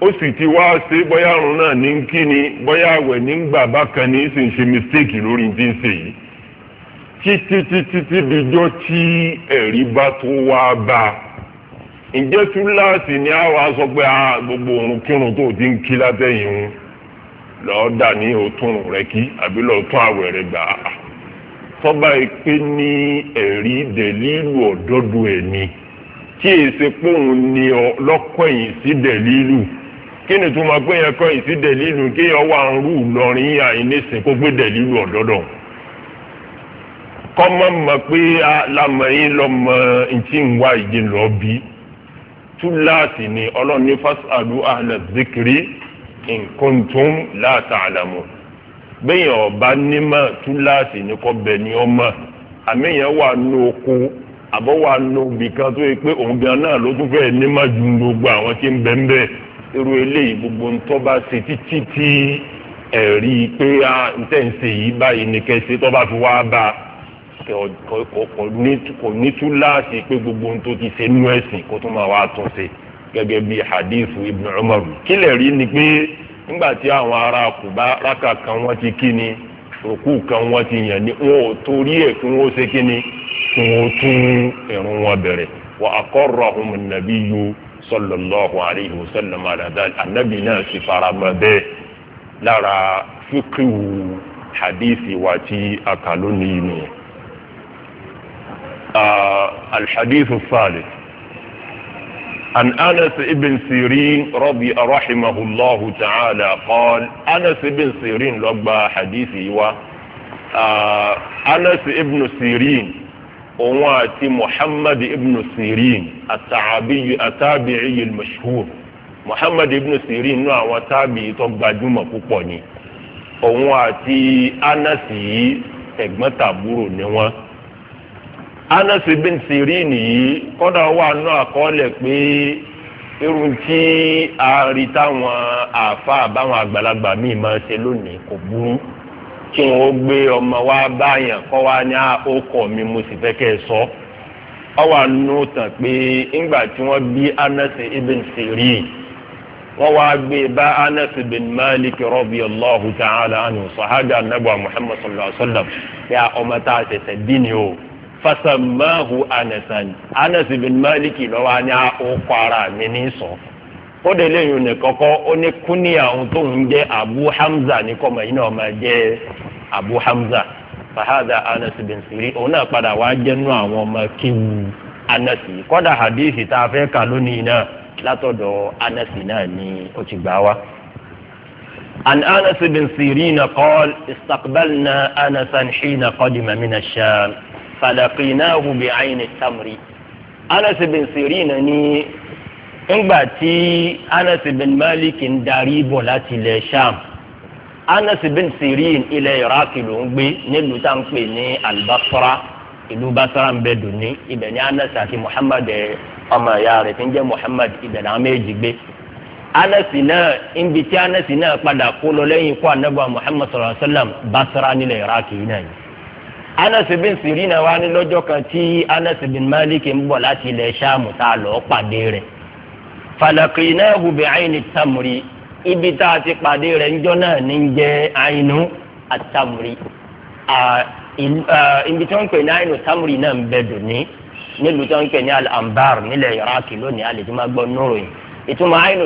ó sì ti wá ṣe bóyá àrùn náà ní kí ni bóyá àwẹ̀ nígbà bákan ní sì ń ṣe mistake lórí ti ń ṣe yìí títí títí tíbi jọ tí ẹ̀rí bá tó wá bá a ǹjẹ́ túláàsì ni a wàá sọ pé a gbogbo òrùn kírun tó ti ń kí látẹ̀yìn lọ́ọ́ dà ní òtún rẹ̀ kí àbí lọ́ọ́ tún àwẹ̀ rẹ̀ gbà á tọ́ba ìpè ní ẹ̀rí dẹ̀lílù ọ̀dọ́dọ̀ ẹ̀ ni tí èsè pòun ni lọ́kọ̀yìn sí dẹ̀lílù kí ni tó máa pé yẹn kọ̀yìn sí dẹ̀lílù kí yẹn wà ń rú lọ́rin àìníṣe kó gbé dẹ̀lílù ọ̀dọ́dọ̀ kọ́mọ́ mọ̀ pé alámọ̀yìn lọ́mọ ntí ń wá ìdí lọ́ọ́ bí túláàsì ni ọlọ́ni fásitì àlù àlẹ́ zikiri nǹkan tó ń láàtà àlàmọ́ bẹ́yìn ọba nímọ̀ túláàsì ní kọ́ bẹ̀ ni ọmọ àmìyàn wà nù oko àbọ̀ wà nù bìkan tó yẹ pé òun gan náà ló tún fẹ́ nímọ̀ ju gbogbo àwọn tí ń bẹ̀ ń bẹ̀ irú eléyìí gbogbo ńtọ́ bá ṣe títí tí ẹ̀rí pé à ń tẹ̀ ń se yìí báyìí ní kẹsí tó bá fi wá bá kò ní túláàsì pé gbogbo ń tó ti ṣe nú ẹ̀sìn kó tún máa wá tún ṣe gẹ́gẹ́ bí hadith ibn Umar kílẹ̀ rí ni pé nígbà tí àwọn ará Kùbá rákà kan wọ́n ti kí ni òkú kan wọ́n ti yàn ní wọn ò torí ẹ̀ kí wọ́n ṣe kí ni kí wọ́n tún ìrun wọn bẹ̀rẹ̀ wa aqarrahum an-nabiyyu sallallahu alayhi wa sallam ala dhalik ànábì náà sì fara mọ́ lára fíkìwù hadithi wa ti akàlónì nìyẹn. al-hadithu عن أنس ابن سيرين رضي رحمه الله تعالى قال أنس ابن سيرين لقب حديثي و آه أنس سيرين وواتي محمد ابن سيرين التعابي التابعي المشهور محمد ابن سيرين نوع وتابعي تقبى جمع كوكوني وواتي أنس تقمت أبورو نواه anas bin sirin yìí kọ́dà wà nù àkọọ́lẹ̀ pé irun tí a rí táwọn àfa àbáwọn àgbàlagbà míì máa ṣe lónìí kò burú kí wọn gbé ọmọ wa báyàn kọ́ wa ní àkókò mi ọ wà nù tàn anas bin sirin wọ́n wá gbé bá ta'ala sallallahu wa sallam ya ah, ọmọ tá a o. fasamahu anasan anas bin maliki lọ wa ni ọkọ ah, ara mi ní sọ ó de lẹ́yìn ní kọ́kọ́ ó ní kúnìyà ohun tó ń jẹ́ abu hamza ní kọ́mọ yìí náà máa jẹ́ abu hamza fahadà anas bin siri òun náà padà wá jẹ́nu àwọn ọmọ kíwù anas yìí hadithi tá a fẹ́ kà lónìí náà látọ̀dọ̀ anas náà ni ó ti gbà wá. عن أنس بن سيرين قال استقبلنا أنسا حين قدم من الشام falaqinahu bi ayni tamri anas bin sirina ni ńgbà tí anas bin malik ń darí bọ̀ láti ilẹ̀ sham anas bin sirin ilẹ̀ iraq ló ń gbé nílùú tá à ń pè ní albasra ìlú basra ń bẹ dùn ní ibẹ̀ ní anas àti muhammad ọmọ ìyá rẹ̀ tí ń jẹ́ muhammad ibẹ̀ náà méjì gbé anasi náà ibi tí anasi náà padà kó lọ lẹ́yìn ikú anabu muhammad sallallahu alaihi wa sallam basra nílẹ̀ iraq náà yìí anas bin sirina wa ni lọ́jọ́ kan tí anas bin malik ń bọ̀ láti ilẹ̀ ṣáàmù tá a lọ pàdé rẹ̀ falakinahu bi aini tamri ibi tá a ti pàdé rẹ̀ ńjọ́ náà ní ń jẹ́ ainu atamri ibi tí wọ́n ń pè ní ainu tamri náà ń bẹ dòní nílùú tí wọ́n ń pè ní al-anbar nílẹ̀ iraki lónìí alẹ́ tí wọ́n gbọ́ nóró yìí ìtumọ̀ ainu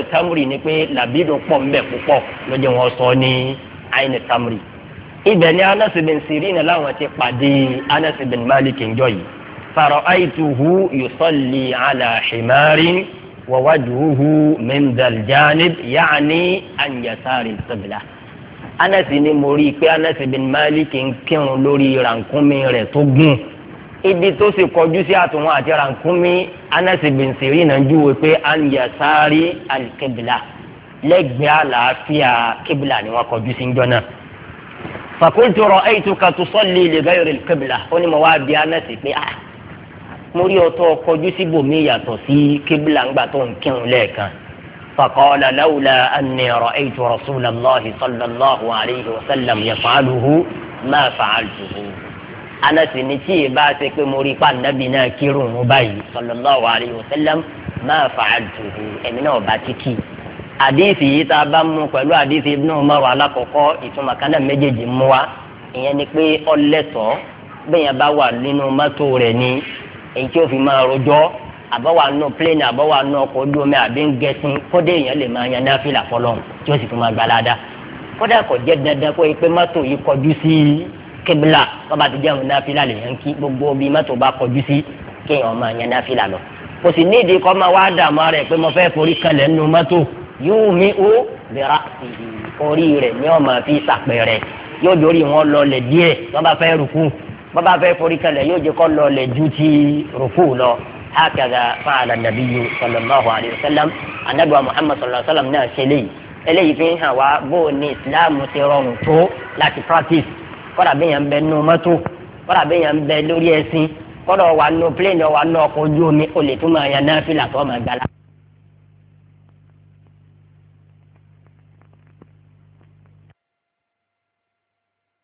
ni pé làbídùn pọ̀ ń bẹ púpọ̀ lọ́jọ́ wọn sọ ní ibẹ̀ ni anas bin sirina láwọn ti pàdé anas bin malik njọ yìí fara'aytuhu yusalli ala himarin wa wajhuhu min dhal janib yaani an yasari qibla anas ni mo rí i pé anas bin malik ń kírun lórí rànkúnmi rẹ̀ tó gùn ibi tó sì kọjú sí àtúnwọ̀n àti rànkúnmi anas bin sirina ń pé an yasari al àlàáfíà qibla ni wọ́n kọjú sí njọ náà fàkúntì rọ ẹ̀yìtù kàtú sọ́ọ̀lì lè gáyọ̀rẹ̀ kébìlà ó ní mo wá bí anẹ́sì pé ah mo rí ọtọ́ kọjú sí bòmí yàtọ̀ sí kébìlà ńgbà tó ń kírun lẹ́ẹ̀kan fàkọ́ọ̀lá láwùlà ànìrọ̀ ẹ̀yìtù rasulillahi sallallahu alayhi wa sallam yafaaluhu máa fàáltuhu anẹ́sì ni tí ì bá ṣe pé mo rí pa nàbì náà kírun báyìí sallallahu alayhi wa sallam máa fàáltuhu ẹ̀mí náà bá ti kí i àdìsí yìí tá a bá mú pẹ̀lú àdìsí Ibn Umar alákọ̀ọ́kọ́ ìtumọ̀ kánà méjèèjì mú wa ìyẹn ni pé ọlẹ́tọ̀ bẹ́yẹn bá wà nínú mọ́tò rẹ̀ ni èyí tí ó fi máa rojọ́ àbáwá nù pléènì àbáwá nù ọkọ̀ ojú omi àbí ń gẹṣin kódé èèyàn lè máa yan náfìlà fọlọ́n tí ó sì fi máa gba láda kódà kò jẹ́ dandan kó pé mọ́tò yìí kọjú sí kébìlà bàbá ti jẹun náfìlà lè yan kí gbogbo bí mọ́tò bá kọjú sí kéèyàn máa yan náfìlà lọ kò sì nídìí kọ́ máa wá dààmú rẹ̀ pé mo fẹ́ forí kalẹ̀ nù mọ́tò yóò mi ó lera orí rẹ̀ ní ọmọ fi sàpẹrẹ yóò jórí wọn lọlẹ̀ díẹ̀ wọn bá fẹ́ rúkú wọn bá fẹ́ forí kalẹ̀ yóò jẹ kọ lọlẹ̀ ju ti rúkú lọ hakada fa'ala nabiyyu sallallahu alayhi wa sallam anabi muhammad sallallahu alayhi wa sallam náà ṣe léyìí eléyìí fi ń hàn wá bó o ní islam ti rọrùn tó láti practice kọ́dà bí yẹn ń bẹ nínú mọ́tò kọ́dà bí yẹn ń bẹ lórí ẹṣin kọ́dà wà nù plane wà nù ọkọ̀ ojú omi olè tó máa yan náà fìlà tó máa gbà láti.